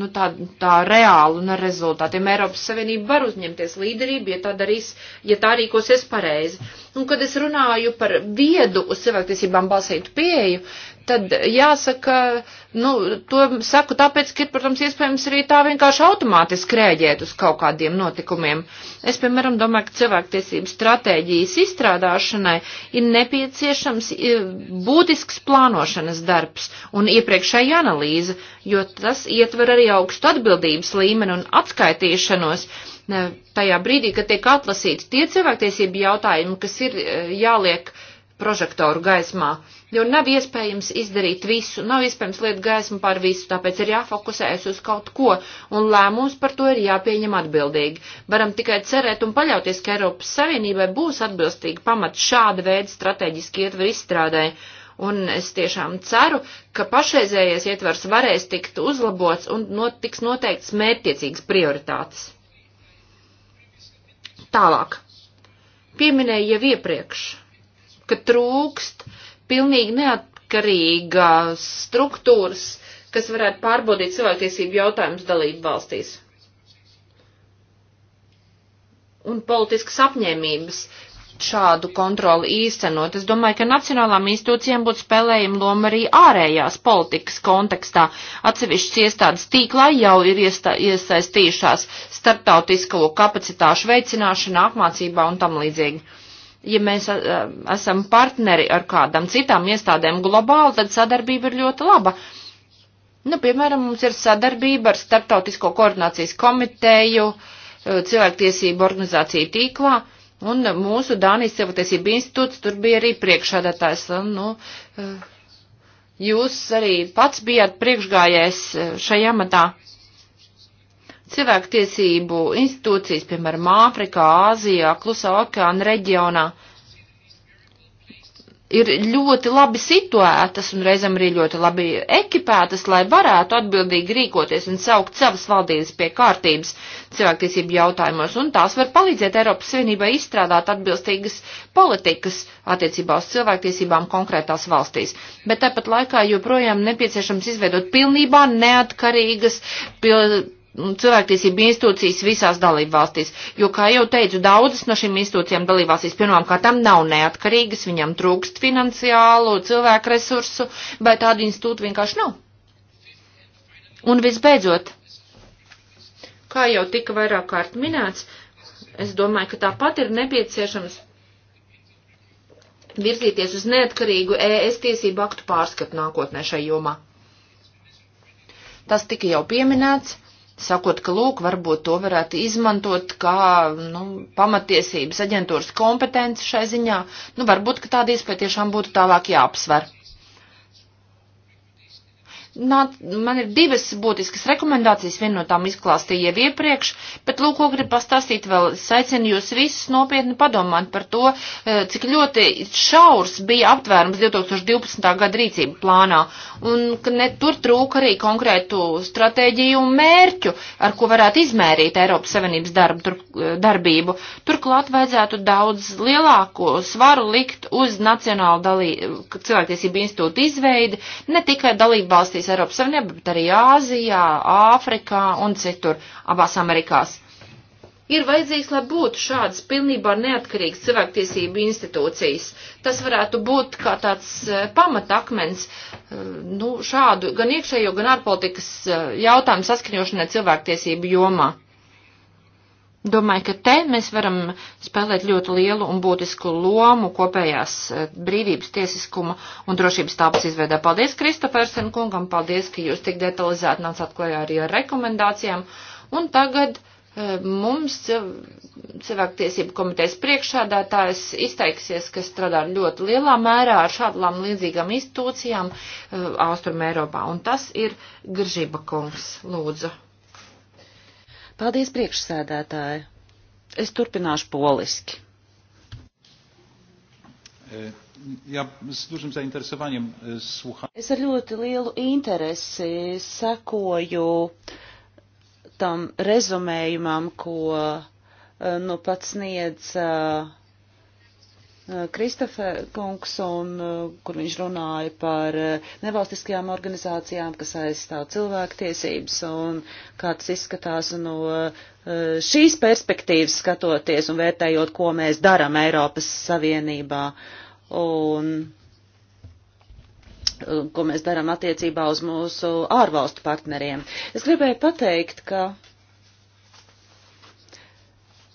nu, tā, tā reāli un ar rezultātiem. Eiropas Savienība var uzņemties līderību, ja tā darīs, ja tā rīkosies pareizi. Un, kad es runāju par viedu uz cilvēktiesībām balsītu pieeju, tad jāsaka, nu, to saku tāpēc, ka ir, protams, iespējams arī tā vienkārši automātiski rēģēt uz kaut kādiem notikumiem. Es, piemēram, domāju, ka cilvēktiesību stratēģijas izstrādāšanai ir nepieciešams būtisks plānošanas darbs un iepriekšēja analīze, jo tas ietver arī augstu atbildības līmeni un atskaitīšanos ne, tajā brīdī, kad tiek atlasīti tie cilvēktiesību jautājumi, kas ir e, jāliek prožektoru gaismā, jo nav iespējams izdarīt visu, nav iespējams liet gaismu pār visu, tāpēc ir jāfokusējas uz kaut ko, un lēmums par to ir jāpieņem atbildīgi. Varam tikai cerēt un paļauties, ka Eiropas Savienībai būs atbilstīgi pamat šāda veida strateģiski ietver izstrādē. Un es tiešām ceru, ka pašreizējais ietvers varēs tikt uzlabots un not, tiks noteikts mērķiecīgas prioritātes. Tālāk. Pieminēju jau iepriekš, ka trūkst pilnīgi neatkarīgās struktūras, kas varētu pārbaudīt cilvēktiesību jautājumus dalību valstīs. Un politiskas apņēmības šādu kontroli īstenot. Es domāju, ka nacionālām institūcijām būtu spēlējama loma arī ārējās politikas kontekstā. Atsevišķas iestādes tīklā jau ir iesta, iesaistījušās starptautisko kapacitāšu veicināšanā, apmācībā un tam līdzīgi. Ja mēs a, a, esam partneri ar kādam citām iestādēm globāli, tad sadarbība ir ļoti laba. Nu, piemēram, mums ir sadarbība ar Startautisko koordinācijas komiteju, cilvēktiesību organizāciju tīklā, Un mūsu Dānijas cilvēktiesība institūts tur bija arī priekšādātājs. Nu, eh, jūs arī pats bijāt priekšgājējs eh, šajā matā. Cilvēktiesību institūcijas, piemēram, Āfrikā, Āzijā, Klusā okeāna reģionā ir ļoti labi situētas un reizēm arī ļoti labi ekipētas, lai varētu atbildīgi rīkoties un saukt savas valdības pie kārtības cilvēktiesību jautājumos, un tās var palīdzēt Eiropas Savienībai izstrādāt atbilstīgas politikas attiecībā uz cilvēktiesībām konkrētās valstīs. Bet tāpat laikā joprojām nepieciešams izveidot pilnībā neatkarīgas pil Nu, cilvēktiesību institūcijas visās dalībvalstīs, jo, kā jau teicu, daudzas no šīm institūcijām dalībvalstīs pirmām kārtām nav neatkarīgas, viņam trūkst finansiālu, cilvēku resursu, vai tādu institūtu vienkārši nav. Un visbeidzot, kā jau tika vairāk kārt minēts, es domāju, ka tāpat ir nepieciešams virzīties uz neatkarīgu ES tiesību aktu pārskatu nākotnē šai jomā. Tas tika jau pieminēts sakot, ka lūk, varbūt to varētu izmantot kā nu, pamatiesības aģentūras kompetenci šai ziņā. Nu, varbūt, ka tāda iespēja tiešām būtu tālāk jāapsver. Nāt, man ir divas būtiskas rekomendācijas, viena no tām izklāstīja jau iepriekš, bet lūk, ko gribu pastāstīt vēl. Es aicinu jūs visus nopietni padomāt par to, eh, cik ļoti šaurs bija aptvērums 2012. gada rīcību plānā, un ka ne, tur trūka arī konkrētu stratēģiju un mērķu, ar ko varētu izmērīt Eiropas Savienības darbu, tur, eh, darbību. Turklāt vajadzētu daudz lielāko svaru likt uz Nacionālu dalī, cilvēktiesību institūtu izveidi, ne tikai dalību valstīs valstīs Eiropas Savienībā, bet arī Āzijā, Āfrikā un citur, abās Amerikās. Ir vajadzīgs, lai būtu šādas pilnībā neatkarīgas cilvēktiesību institūcijas. Tas varētu būt kā tāds e, pamatakmens e, nu, šādu gan iekšējo, gan ārpolitikas e, jautājumu saskaņošanai cilvēktiesību jomā. Domāju, ka te mēs varam spēlēt ļoti lielu un būtisku lomu kopējās e, brīvības, tiesiskuma un drošības tāpas izveidē. Paldies Kristofersen kungam, paldies, ka jūs tik detalizēti nācāt klajā arī ar rekomendācijām. Un tagad e, mums e, cilvēktiesību komitejas priekšādātājs izteiksies, kas strādā ļoti lielā mērā ar šādām līdzīgām institūcijām Austrum Eiropā. Un tas ir Gržība kungs, lūdzu. Paldies, priekšsēdētāji. Es turpināšu poliski. E, ja, z dużym zainteresowaniem e, słucham. Es ar ļoti lielu interesi sekoju tam rezumējumam, ko e, nu pats sniedz uh, Eh, Kristofe kungs, un, eh, kur viņš runāja par eh, nevalstiskajām organizācijām, kas aizstāv cilvēktiesības, un kā tas izskatās no šīs perspektīvas skatoties un vērtējot, ko mēs daram Eiropas Savienībā, un ko mēs daram attiecībā uz mūsu ārvalstu partneriem. Es gribēju pateikt, ka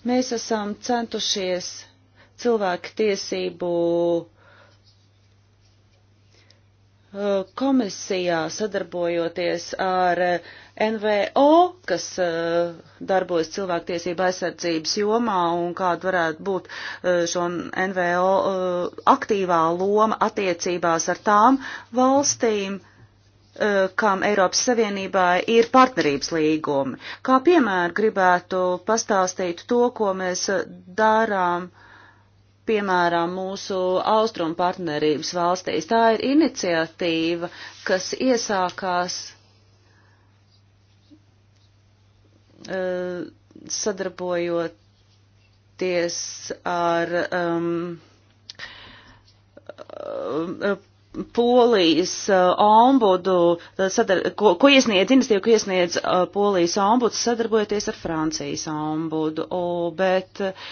mēs esam centušies cilvēku tiesību uh, komisijā sadarbojoties ar NVO, kas uh, darbojas cilvēktiesība aizsardzības jomā un kāda varētu būt uh, šo NVO aktīvā loma attiecībās ar tām valstīm, kam Eiropas Savienībā ir partnerības līgumi. Kā piemēru gribētu pastāstīt to, ko mēs darām uh, piemēram, mūsu austrumu partnerības valstīs. Tā ir iniciatīva, kas iesākās uh, sadarbojoties ar um, uh, Polijas uh, ombudu, sadar, ko, ko iesniedz iniciatīva, ko iesniedz Polijas ombuds, sadarbojoties ar Francijas ombudu, o, bet uh,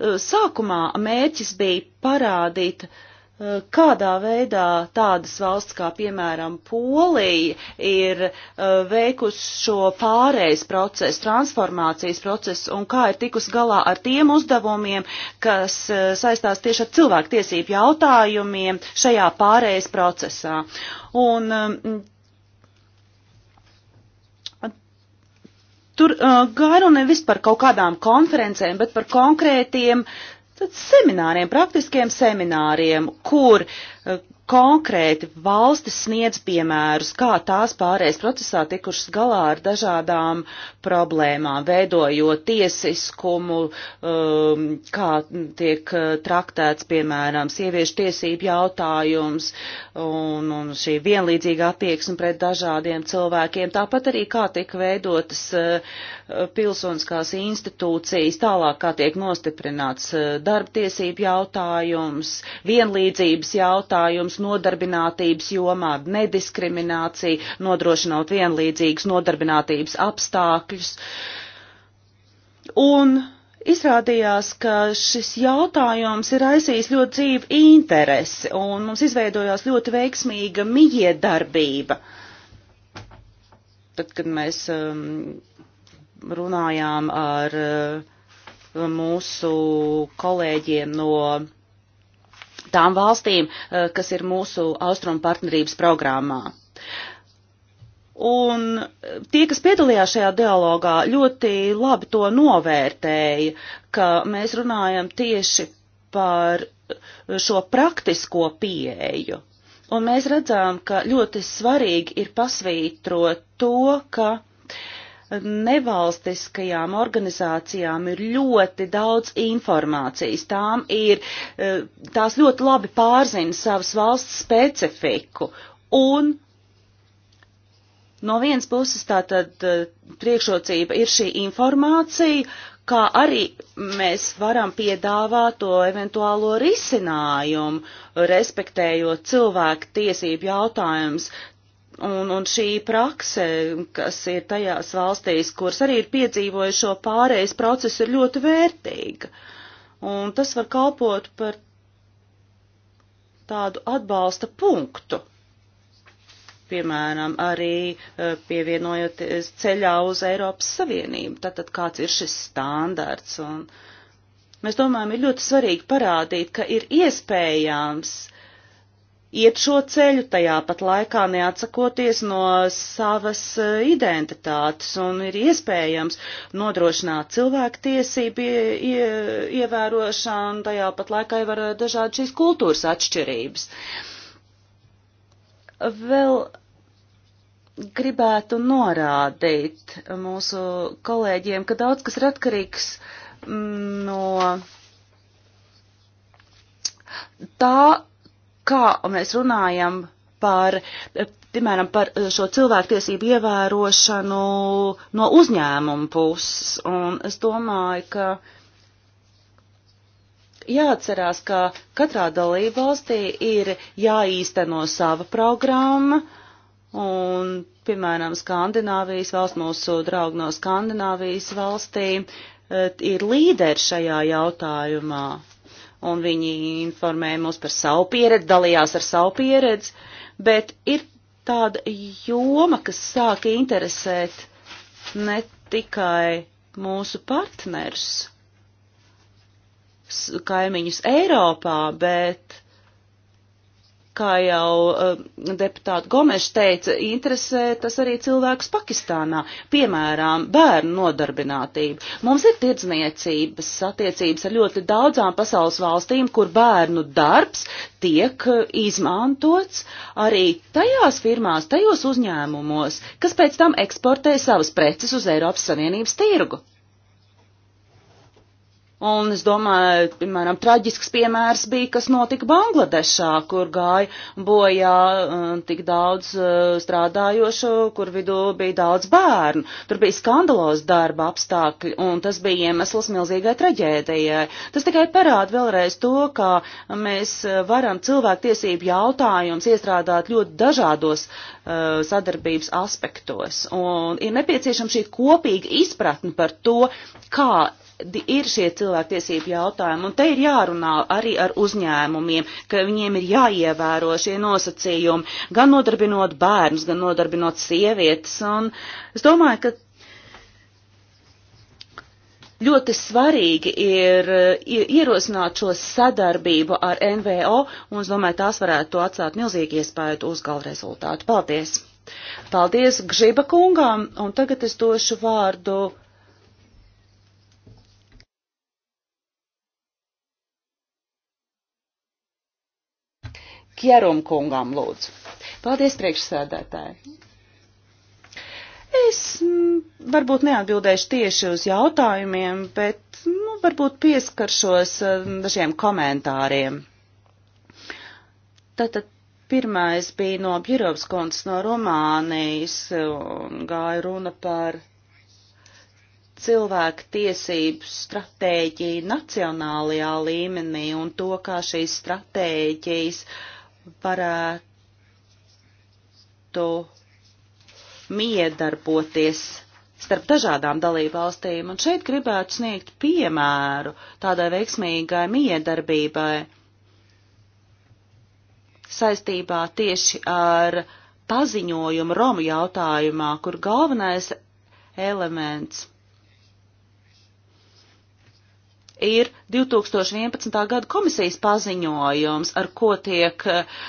Eh, sākumā mērķis bija parādīt, eh, kādā veidā tādas valsts kā, piemēram, Polija ir eh, veikusi šo pārējais procesu, transformācijas procesu un kā ir tikus galā ar tiem uzdevumiem, kas saistās tieši ar cilvēktiesību jautājumiem šajā pārējais procesā. Un mm, Tur uh, garu nu nevis par kaut kādām konferencēm, bet par konkrētiem semināriem, praktiskiem semināriem, kur uh, konkrēti valstis sniedz piemērus, kā tās pārējais procesā tikušas galā ar dažādām problēmām, veidojot tiesiskumu, um, kā tiek uh, traktēts, piemēram, sieviešu tiesību jautājums un, un šī vienlīdzīga attieksme pret dažādiem cilvēkiem, tāpat arī kā tiek veidotas uh, pilsoniskās institūcijas, tālāk kā tiek nostiprināts uh, darba tiesību jautājums, vienlīdzības jautājums, nodarbinātības jomā, nediskrimināciju, nodrošinot vienlīdzīgus nodarbinātības apstākļus. Un Izrādījās, ka šis jautājums ir aizsījis ļoti dzīvu interesi, un mums izveidojās ļoti veiksmīga mijiedarbība. Tad, kad mēs um, runājām ar uh, mūsu kolēģiem no tām valstīm, eh, kas ir mūsu austrumu partnerības programmā. Un eh, tie, kas piedalījās šajā dialogā, ļoti labi to novērtēja, ka mēs runājam tieši par šo praktisko pieeju. Un mēs redzām, ka ļoti svarīgi ir pasvītrot to, ka uh, nevalstiskajām organizācijām ir ļoti daudz informācijas. Tām ir, e, tās ļoti labi pārzina savas valsts specifiku. Un no vienas puses tātad e, priekšrocība ir šī informācija, kā arī mēs varam piedāvāt to eventuālo risinājumu, respektējot cilvēku tiesību jautājumus Un, un šī prakse, kas ir tajās valstīs, kuras arī ir piedzīvojušo pārējais procesu, ir ļoti vērtīga. Un tas var kalpot par tādu atbalsta punktu. Piemēram, arī e, pievienojoties ceļā uz Eiropas Savienību. Tātad kāds ir šis standarts? Un mēs domājam, ir ļoti svarīgi parādīt, ka ir iespējams uh, iet šo ceļu, tajā pat laikā neatsakoties no savas eh, identitātes un ir iespējams nodrošināt cilvēku tiesību ievērošanu, tajā pat laikā jau var eh, dažādi šīs kultūras atšķirības. Vēl gribētu norādīt mūsu kolēģiem, ka daudz kas ir atkarīgs mm, no tā, kā mēs runājam par, piemēram, par šo cilvēktiesību ievērošanu no uzņēmuma puses. Un es domāju, ka jāatcerās, ka katrā dalībvalstī ir jāīsteno sava programma, un, piemēram, Skandināvijas valsts, mūsu draugi no Skandināvijas valstī, eh, ir līderi šajā jautājumā un viņi informēja mūs par savu pieredzi, dalījās ar savu pieredzi, bet ir tāda joma, kas sāk interesēt ne tikai mūsu partners, kaimiņus Eiropā, bet kā jau uh, deputāta Gomeša teica, interesē tas arī cilvēkus Pakistānā, piemēram, bērnu nodarbinātību. Mums ir tirdzniecības attiecības ar ļoti daudzām pasaules valstīm, kur bērnu darbs tiek eh, izmantots arī tajās firmās, tajos uzņēmumos, kas pēc tam eksportē savas preces uz Eiropas Savienības tirgu. Un es domāju, piemēram, traģisks piemērs bija, kas notika Bangladešā, kur gāja bojā uh, tik daudz uh, strādājošu, kur vidū bija daudz bērnu. Tur bija skandalos darba apstākļi, un tas bija iemesls milzīgai traģēdijai. Tas tikai parāda vēlreiz to, ka mēs uh, varam cilvēktiesību jautājums iestrādāt ļoti dažādos uh, sadarbības aspektos. Un ir nepieciešama šī kopīga izpratne par to, kā ir šie cilvēktiesību jautājumi, un te ir jārunā arī ar uzņēmumiem, ka viņiem ir jāievēro šie nosacījumi, gan nodarbinot bērnus, gan nodarbinot sievietes, un es domāju, ka ļoti svarīgi ir ierosināt šo sadarbību ar NVO, un es domāju, tās varētu atstāt milzīgi iespēju uz galvu rezultātu. Paldies! Paldies Gžiba kungām, un tagad es došu vārdu Kjerum kungam lūdzu. Paldies priekšsēdētāji. Es m, varbūt neatbildēšu tieši uz jautājumiem, bet nu, varbūt pieskaršos e, dažiem komentāriem. Tātad pirmais bija no Birovs kundzes no Rumānijas e, un gāja runa par cilvēku tiesību stratēģiju nacionālajā līmenī un to, kā šīs stratēģijas uh, varētu miedarboties starp dažādām dalībvalstīm, un šeit gribētu sniegt piemēru tādai veiksmīgai miedarbībai saistībā tieši ar paziņojumu Romu jautājumā, kur galvenais elements – ir 2011. gada komisijas paziņojums, ar ko tiek eh,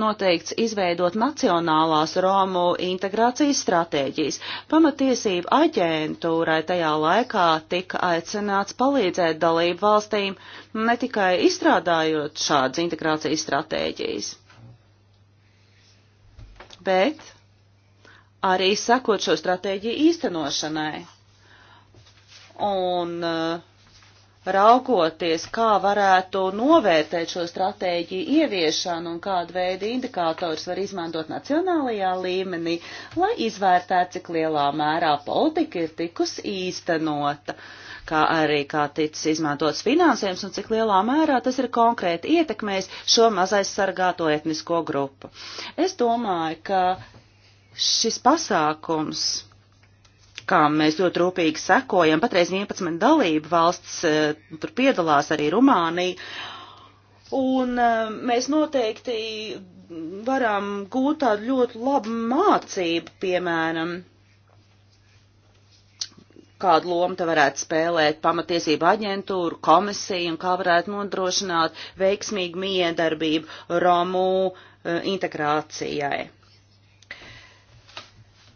noteikts izveidot nacionālās Romu integrācijas stratēģijas. Pamatiesība aģentūrai tajā laikā tika aicināts palīdzēt dalību valstīm ne tikai izstrādājot šādas integrācijas stratēģijas, bet arī sekot šo stratēģiju īstenošanai. Un uh, raugoties, kā varētu novērtēt šo stratēģiju ieviešanu un kādu veidu indikātors var izmantot nacionālajā līmenī, lai izvērtētu, cik lielā mērā politika ir tikus īstenota kā arī kā ticis izmantots finansējums un cik lielā mērā tas ir konkrēti ietekmējis šo mazais sargāto etnisko grupu. Es domāju, ka šis pasākums kam mēs ļoti rūpīgi sekojam. Patreiz 11 dalību valsts e, tur piedalās arī Rumānija. Un e, mēs noteikti varam gūt tādu ļoti labu mācību, piemēram, kādu lomu te varētu spēlēt pamatiesība aģentūra, komisija un kā varētu nodrošināt veiksmīgu miedarbību Romu e, integrācijai.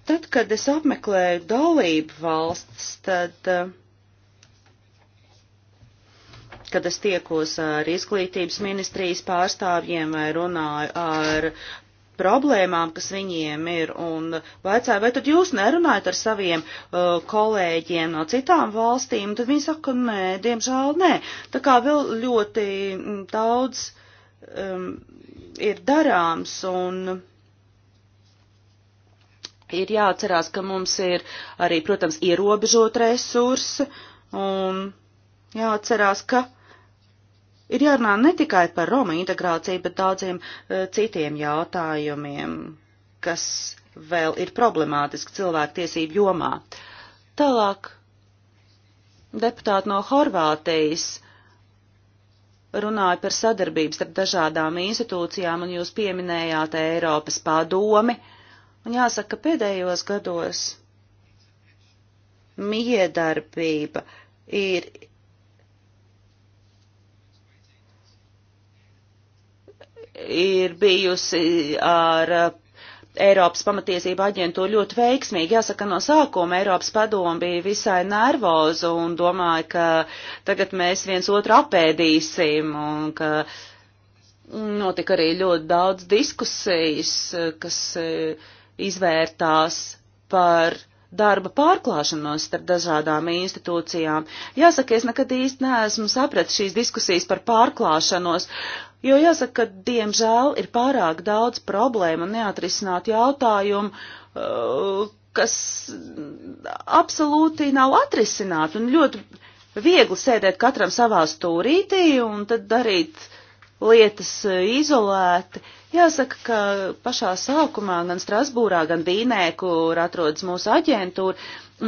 Tad, kad es apmeklēju dalību valsts, tad, eh, kad es tiekos ar izglītības ministrijas pārstāvjiem vai runāju ar problēmām, kas viņiem ir, un vaicāju, vai tad jūs nerunājat ar saviem uh, kolēģiem no citām valstīm, tad viņi saka, nē, diemžēl nē. Tā kā vēl ļoti mm, daudz um, ir darāms, un ir jāatcerās, ka mums ir arī, protams, ierobežot resursi un jāatcerās, ka ir jārunā ne tikai par Roma integrāciju, bet daudziem uh, citiem jautājumiem, kas vēl ir problemātiski cilvēku tiesību jomā. Tālāk deputāti no Horvātijas runāja par sadarbības starp dažādām institūcijām, un jūs pieminējāt Eiropas padomi. Uh, Un jāsaka, ka pēdējos gados miedarbība ir ir bijusi ar uh, Eiropas pamatiesība aģentūra ļoti veiksmīgi. Jāsaka, no sākuma Eiropas padoma bija visai nervoza un domāja, ka tagad mēs viens otru apēdīsim un ka notika arī ļoti daudz diskusijas, kas uh, izvērtās par darba pārklāšanos starp dažādām institūcijām. Jāsaka, es nekad īsti neesmu sapratis šīs diskusijas par pārklāšanos, jo jāsaka, ka diemžēl ir pārāk daudz problēmu un neatrisināt jautājumu, uh, kas absolūti nav atrisināti un ļoti viegli sēdēt katram savā stūrītī un tad darīt lietas uh, izolēti. Uh, Jāsaka, ka pašā sākumā gan Strasbūrā, gan Vīnē, kur atrodas mūsu aģentūra,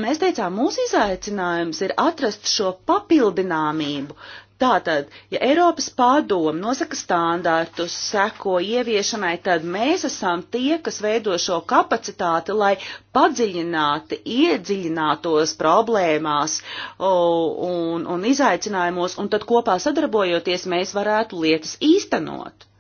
mēs teicām, mūsu izaicinājums ir atrast šo papildināmību. Tātad, ja Eiropas pārdomu nosaka standārtus, seko ieviešanai, tad mēs esam tie, kas veido šo kapacitāti, lai padziļināti iedziļinātos problēmās un, un izaicinājumos, un tad kopā sadarbojoties mēs varētu lietas īstenot.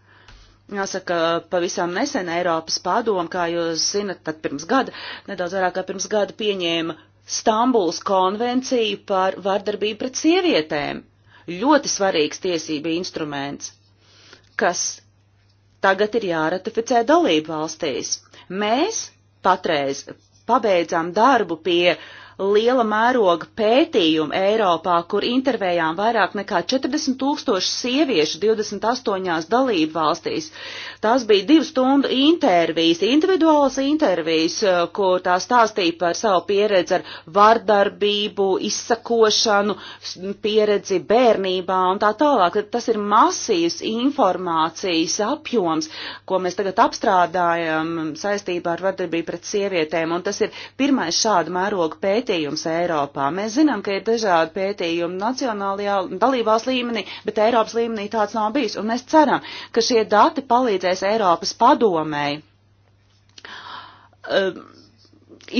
Jāsaka, pavisam nesen Eiropas padoma, kā jūs zinat, tad pirms gada, nedaudz vairāk kā pirms gada pieņēma Stambuls konvenciju par vardarbību pret sievietēm. Ļoti svarīgs tiesība instruments, kas tagad ir jāratificē dalību valstīs. Mēs patreiz pabeidzām darbu pie uh, liela mēroga pētījumu Eiropā, kur intervējām vairāk nekā 40 tūkstoši sieviešu 28 dalību valstīs. Tās bija divu stundu intervijas, individuālas intervijas, eh, kur tā stāstīja par savu pieredzi ar vardarbību, izsakošanu, pieredzi bērnībā un tā tālāk. Tas ir masīvs informācijas apjoms, ko mēs tagad apstrādājam saistībā ar vardarbību pret sievietēm, un tas ir pirmais šāda mēroga pētījums pētījums Eiropā. Mēs zinām, ka ir dažādi pētījumi nacionālajā dalībās līmenī, bet Eiropas līmenī tāds nav bijis. Un mēs ceram, ka šie dati palīdzēs Eiropas padomēji. Um,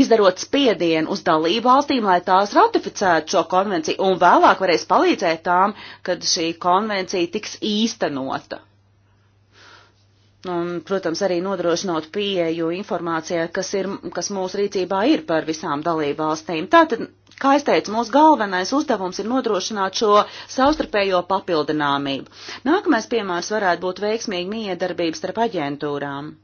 izdarot spiedienu uz dalību valstīm, lai tās ratificētu šo konvenciju, un vēlāk varēs palīdzēt tām, kad šī konvencija tiks īstenota un, protams, arī nodrošinot pieeju informācijai, kas, ir, kas mūsu rīcībā ir par visām dalībvalstīm. Tātad, kā es teicu, mūsu galvenais uzdevums ir nodrošināt šo savstarpējo papildināmību. Nākamais piemērs varētu būt veiksmīga miedarbības starp aģentūrām.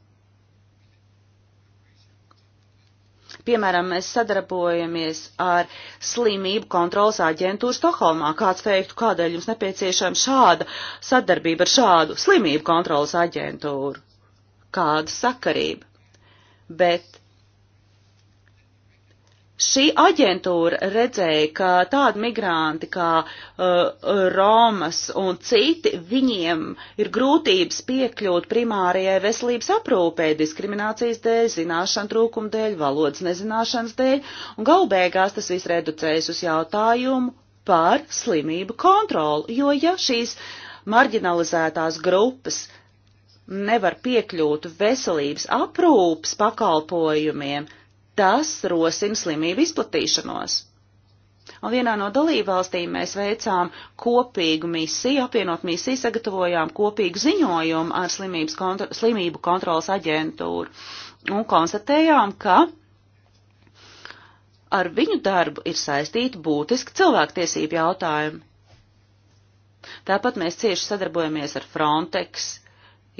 Piemēram, mēs sadarbojamies ar slimību kontrolas aģentūru Stokholmā. Kāds teiktu, kādēļ jums nepieciešama šāda sadarbība ar šādu slimību kontrolas aģentūru? Kāda sakarība? Bet Šī aģentūra redzēja, ka tādi migranti kā uh, Romas un citi, viņiem ir grūtības piekļūt primārajai veselības aprūpē diskriminācijas dēļ, zināšanu trūkuma dēļ, valodas nezināšanas dēļ, un galbeigās tas viss reducējas uz jautājumu par slimību kontroli, jo ja šīs marginalizētās grupas nevar piekļūt veselības aprūpas pakalpojumiem, Tas rosina slimību izplatīšanos. Un vienā no dalībvalstīm mēs veicām kopīgu misiju, apvienot misiju, sagatavojām kopīgu ziņojumu ar kontro, slimību kontrolas aģentūru un konstatējām, ka ar viņu darbu ir saistīti būtiski cilvēktiesību jautājumi. Tāpat mēs cieši sadarbojamies ar Frontex,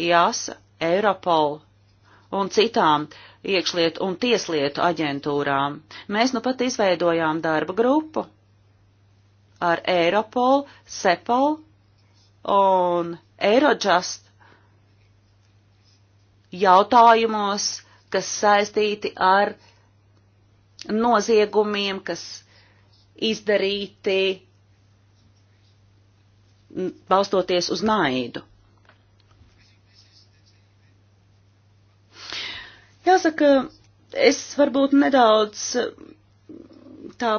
JASA, Europol un citām uh, iekšlietu un tieslietu aģentūrām. Mēs nu pat izveidojām darba grupu ar Eiropol, Sepol un Eirojust jautājumos, kas saistīti ar noziegumiem, kas izdarīti balstoties uz naidu. Jāsaka, es varbūt nedaudz eh, tā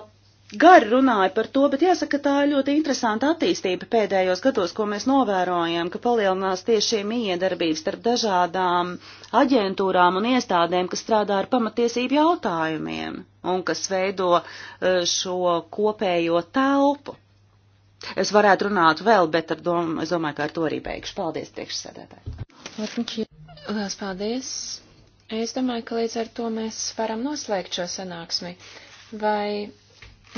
gari runāju par to, bet jāsaka, tā ir ļoti interesanta attīstība pēdējos gados, ko mēs novērojam, ka palielinās tieši miedarbības starp dažādām aģentūrām un iestādēm, kas strādā ar pamatiesību jautājumiem un kas veido eh, šo kopējo telpu. Es varētu runāt vēl, bet ar domu, es domāju, ka ar to arī beigšu. Paldies, priekšsēdētāji. Lielas paldies. Es domāju, ka līdz ar to mēs varam noslēgt šo sanāksmi. Vai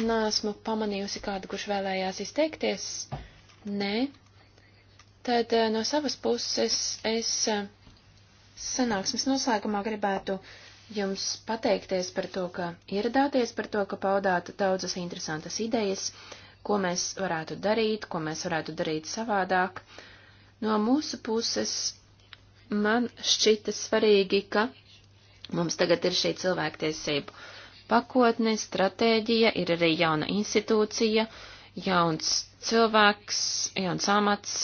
nāsmu pamanījusi kādu, kurš vēlējās izteikties? Nē. Tad eh, no savas puses es eh, sanāksmes noslēgumā gribētu jums pateikties par to, ka ieradāties, par to, ka paudāt daudzas interesantas idejas, ko mēs varētu darīt, ko mēs varētu darīt savādāk. No mūsu puses man šķita svarīgi, ka Mums tagad ir šī cilvēktiesību pakotne, stratēģija, ir arī jauna institūcija, jauns cilvēks, jauns amats,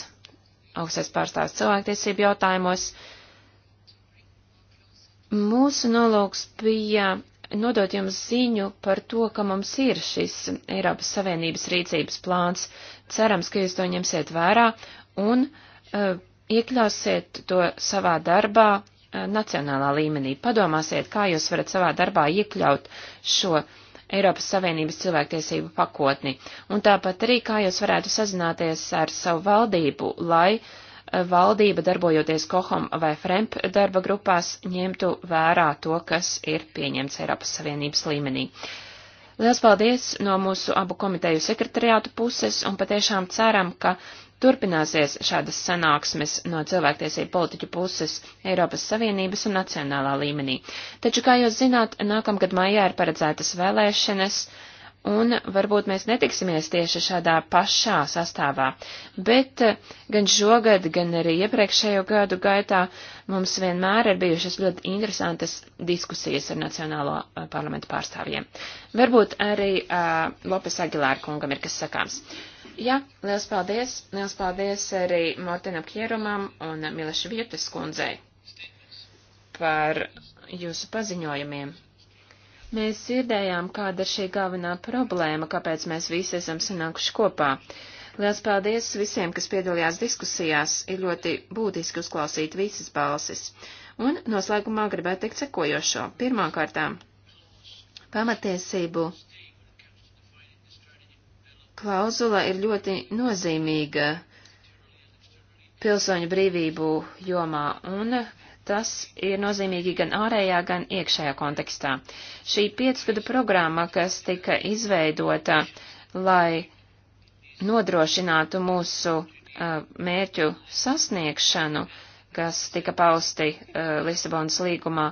augstais pārstāvs cilvēktiesību jautājumos. Mūsu nolūks bija nodot jums ziņu par to, ka mums ir šis Eiropas Savienības rīcības plāns. Cerams, ka jūs to ņemsiet vērā un uh, iekļausiet to savā darbā Eh, nacionālā līmenī. Padomāsiet, kā jūs varat savā darbā iekļaut šo Eiropas Savienības cilvēktiesību pakotni, un tāpat arī, kā jūs varētu sazināties ar savu valdību, lai eh, valdība, darbojoties Kohom vai Fremp darba grupās, ņemtu vērā to, kas ir pieņemts Eiropas Savienības līmenī. Liels paldies no mūsu abu komiteju sekretariātu puses, un patiešām ceram, ka Turpināsies šādas sanāksmes no cilvēktiesību politiķu puses Eiropas Savienības un nacionālā līmenī. Taču, kā jūs zināt, nākamgad mājā ir paredzētas vēlēšanas, un varbūt mēs netiksimies tieši šādā pašā sastāvā, bet eh, gan šogad, gan arī iepriekšējo gadu gaitā mums vienmēr ir bijušas ļoti interesantas diskusijas ar Nacionālo eh, parlamentu pārstāvjiem. Varbūt arī uh, Lopes Agilēra kungam ir kas sakāms. Uh, Jā, liels paldies. Liels paldies arī Mortenam Kierumam un Mileša Vietas kundzei par jūsu paziņojumiem. Mēs dzirdējām, kāda ir šī galvenā problēma, kāpēc mēs visi esam sanākuši kopā. Liels paldies visiem, kas piedalījās diskusijās, ir ļoti būtiski uzklausīt visas balsis. Un noslēgumā gribētu teikt sekojošo. Pirmkārtām, pamatiesību klauzula ir ļoti nozīmīga pilsoņu brīvību jomā, un tas ir nozīmīgi gan ārējā, gan iekšējā kontekstā. Šī piecgada programma, kas tika izveidota, lai nodrošinātu mūsu uh, mērķu sasniegšanu, kas tika pausti uh, Lisabonas līgumā,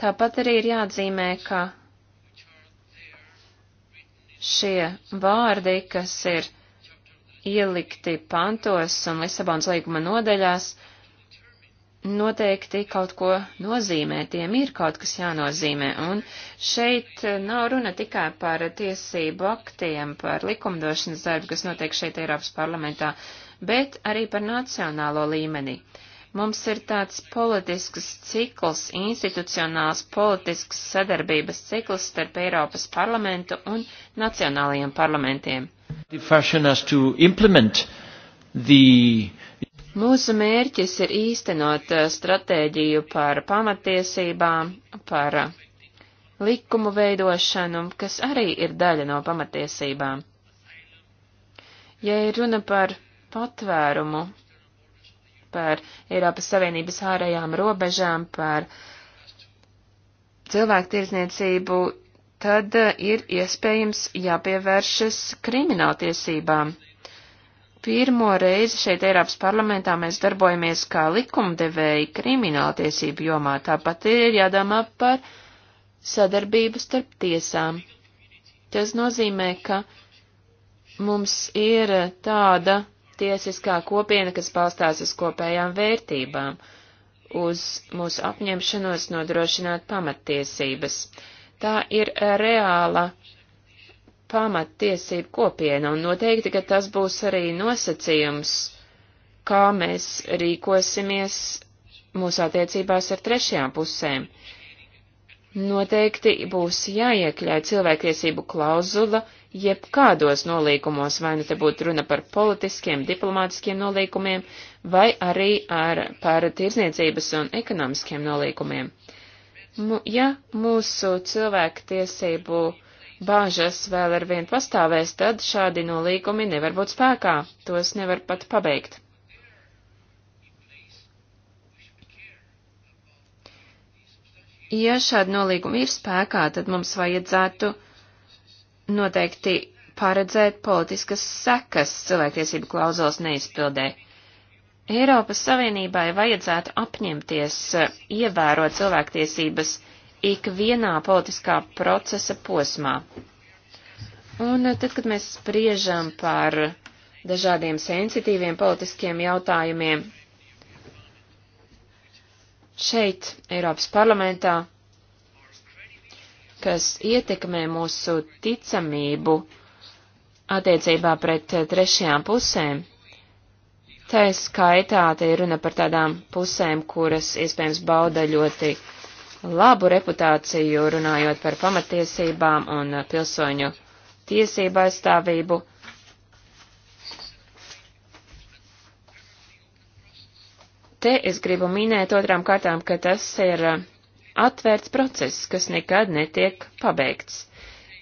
tāpat arī ir jāatzīmē, ka Šie vārdi, kas ir ielikti pantos un Lisabonas līguma nodaļās, noteikti kaut ko nozīmē, tiem ir kaut kas jānozīmē, un šeit nav runa tikai par tiesību aktiem, par likumdošanas darbu, kas notiek šeit Eiropas parlamentā, bet arī par nacionālo līmeni. Uh, Mums ir tāds politisks cikls, institucionāls politisks sadarbības cikls starp Eiropas parlamentu un nacionālajiem parlamentiem. The... Mūsu mērķis ir īstenot uh, stratēģiju par pamatiesībām, par uh, likumu veidošanu, kas arī ir daļa no pamatiesībām. Ja ir runa par patvērumu, par Eiropas Savienības ārējām robežām, par cilvēktiesniecību, tad eh, ir iespējams jāpievēršas krimināltiesībām. Pirmo reizi šeit Eiropas parlamentā mēs darbojamies kā likumdevēji krimināltiesību jomā, tāpat ir jādomā par sadarbību starp tiesām. Tas nozīmē, ka mums ir eh, tāda tiesiskā kopiena, kas balstās uz kopējām vērtībām, uz mūsu apņemšanos nodrošināt pamattiesības. Tā ir reāla pamattiesību kopiena, un noteikti, ka tas būs arī nosacījums, kā mēs rīkosimies mūsu attiecībās ar trešajām pusēm. Noteikti būs jāiekļauj cilvēktiesību klauzula, jebkādos nolīkumos, vai nu te būtu runa par politiskiem, diplomātiskiem nolīkumiem, vai arī ar, par tirzniecības un ekonomiskiem nolīkumiem. M ja mūsu cilvēku tiesību bāžas vēl ar vien pastāvēs, tad šādi nolīkumi nevar būt spēkā, tos nevar pat pabeigt. Ja šādi nolīgumi ir spēkā, tad mums vajadzētu noteikti paredzēt politiskas sekas cilvēktiesību klauzulas neizpildē. Eiropas Savienībai vajadzētu apņemties eh, ievērot cilvēktiesības ikvienā politiskā procesa posmā. Un eh, tad, kad mēs spriežam par dažādiem sensitīviem politiskiem jautājumiem, šeit, Eiropas parlamentā, kas ietekmē mūsu ticamību attiecībā pret trešajām pusēm. Tā ir skaitā, te ir runa par tādām pusēm, kuras iespējams bauda ļoti labu reputāciju, runājot par pamatiesībām un pilsoņu tiesību aizstāvību. Te es gribu minēt otrām kārtām, ka tas ir atvērts process, kas nekad netiek pabeigts.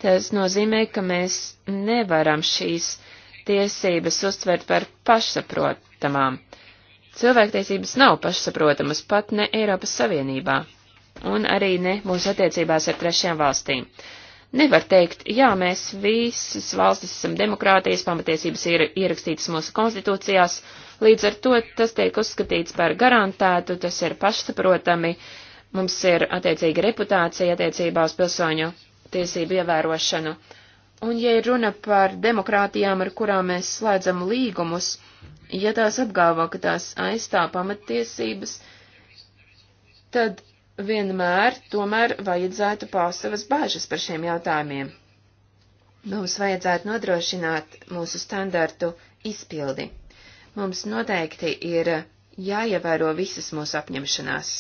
Tas nozīmē, ka mēs nevaram šīs tiesības uztvert par pašsaprotamām. Cilvēktiesības nav pašsaprotamas pat ne Eiropas Savienībā, un arī ne mūsu attiecībās ar trešajām valstīm. Nevar teikt, jā, mēs visas valstis esam demokrātijas, pamatiesības ir ierakstītas mūsu konstitūcijās, līdz ar to tas tiek uzskatīts par garantētu, tas ir pašsaprotami, uh, Mums ir attiecīga reputācija attiecībā uz pilsoņu tiesību ievērošanu. Un, ja ir runa par demokrātijām, ar kurām mēs slēdzam līgumus, ja tās apgalvo, ka tās aizstāv pamatiesības, tad vienmēr tomēr vajadzētu paust savas bāžas par šiem jautājumiem. Mums vajadzētu nodrošināt mūsu standartu izpildi. Mums noteikti ir jāievēro visas mūsu apņemšanās.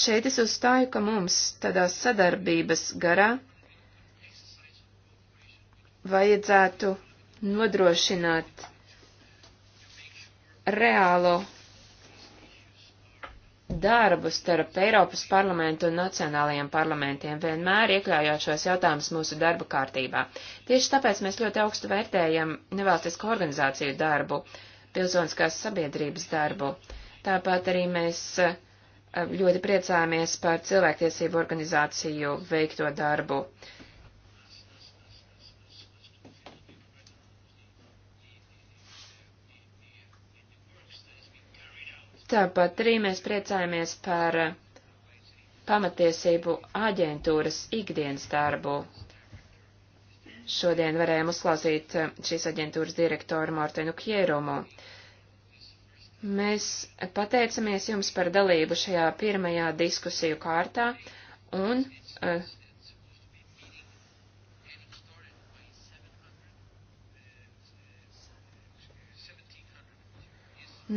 Šeit es uzstāju, ka mums tādā sadarbības garā vajadzētu nodrošināt reālu darbu starp Eiropas parlamentu un nacionālajiem parlamentiem, vienmēr iekļaujot šos jautājumus mūsu darba kārtībā. Tieši tāpēc mēs ļoti augstu vērtējam nevalstisko organizāciju darbu, pilsoniskās sabiedrības darbu. Tāpat arī mēs uh, ļoti priecājamies par cilvēktiesību organizāciju veikto darbu. Tāpat arī mēs priecājamies par pamatiesību aģentūras ikdienas darbu. Šodien varējām uzklausīt eh, šīs aģentūras direktoru Mārtenu Kierumu. Uh, Mēs pateicamies jums par dalību šajā pirmajā diskusiju kārtā un uh,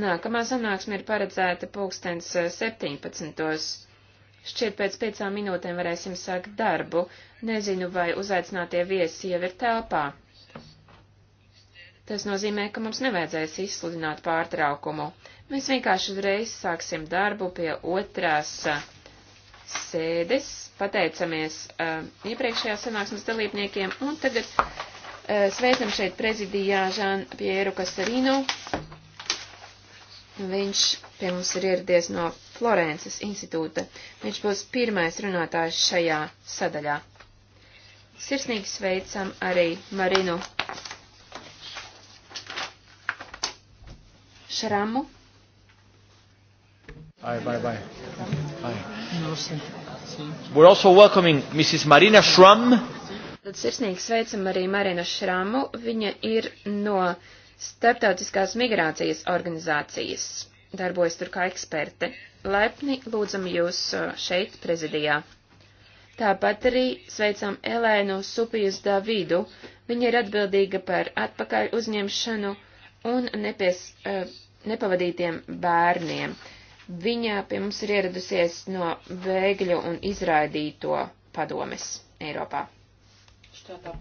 Nākamā sanāksme ir paredzēta pulkstens 17. Eh, Šķiet pēc piecām minūtēm varēsim sākt darbu. Nezinu, vai uzaicinātie viesi jau ir telpā. Tas nozīmē, ka mums nevajadzēs izsludināt pārtraukumu. Mēs vienkārši uzreiz sāksim darbu pie otrās uh, sēdes. Pateicamies uh, iepriekšējā sanāksmes dalībniekiem un tagad uh, sveicam šeit prezidijā Žānu Pieru Kasarino. Viņš pie mums ir ieradies no Florences institūta. Viņš būs pirmais runātājs šajā sadaļā. Sirsnīgi sveicam arī Marinu Šramu. Bye, bye, bye. Bye. We're also welcoming Mrs. Marina Shram. Tad sirsnīgi sveicam arī Marina Šramu. Viņa ir no Startautiskās migrācijas organizācijas. Darbojas tur kā eksperte. Laipni lūdzam jūs uh, šeit prezidijā. Tāpat arī sveicam Elēnu Supijas Davidu. Viņa ir atbildīga par atpakaļ uzņemšanu un nepies, uh, nepavadītiem bērniem. Viņa pie mums ir ieradusies no bēgļu un izraidīto padomes Eiropā. Štātā.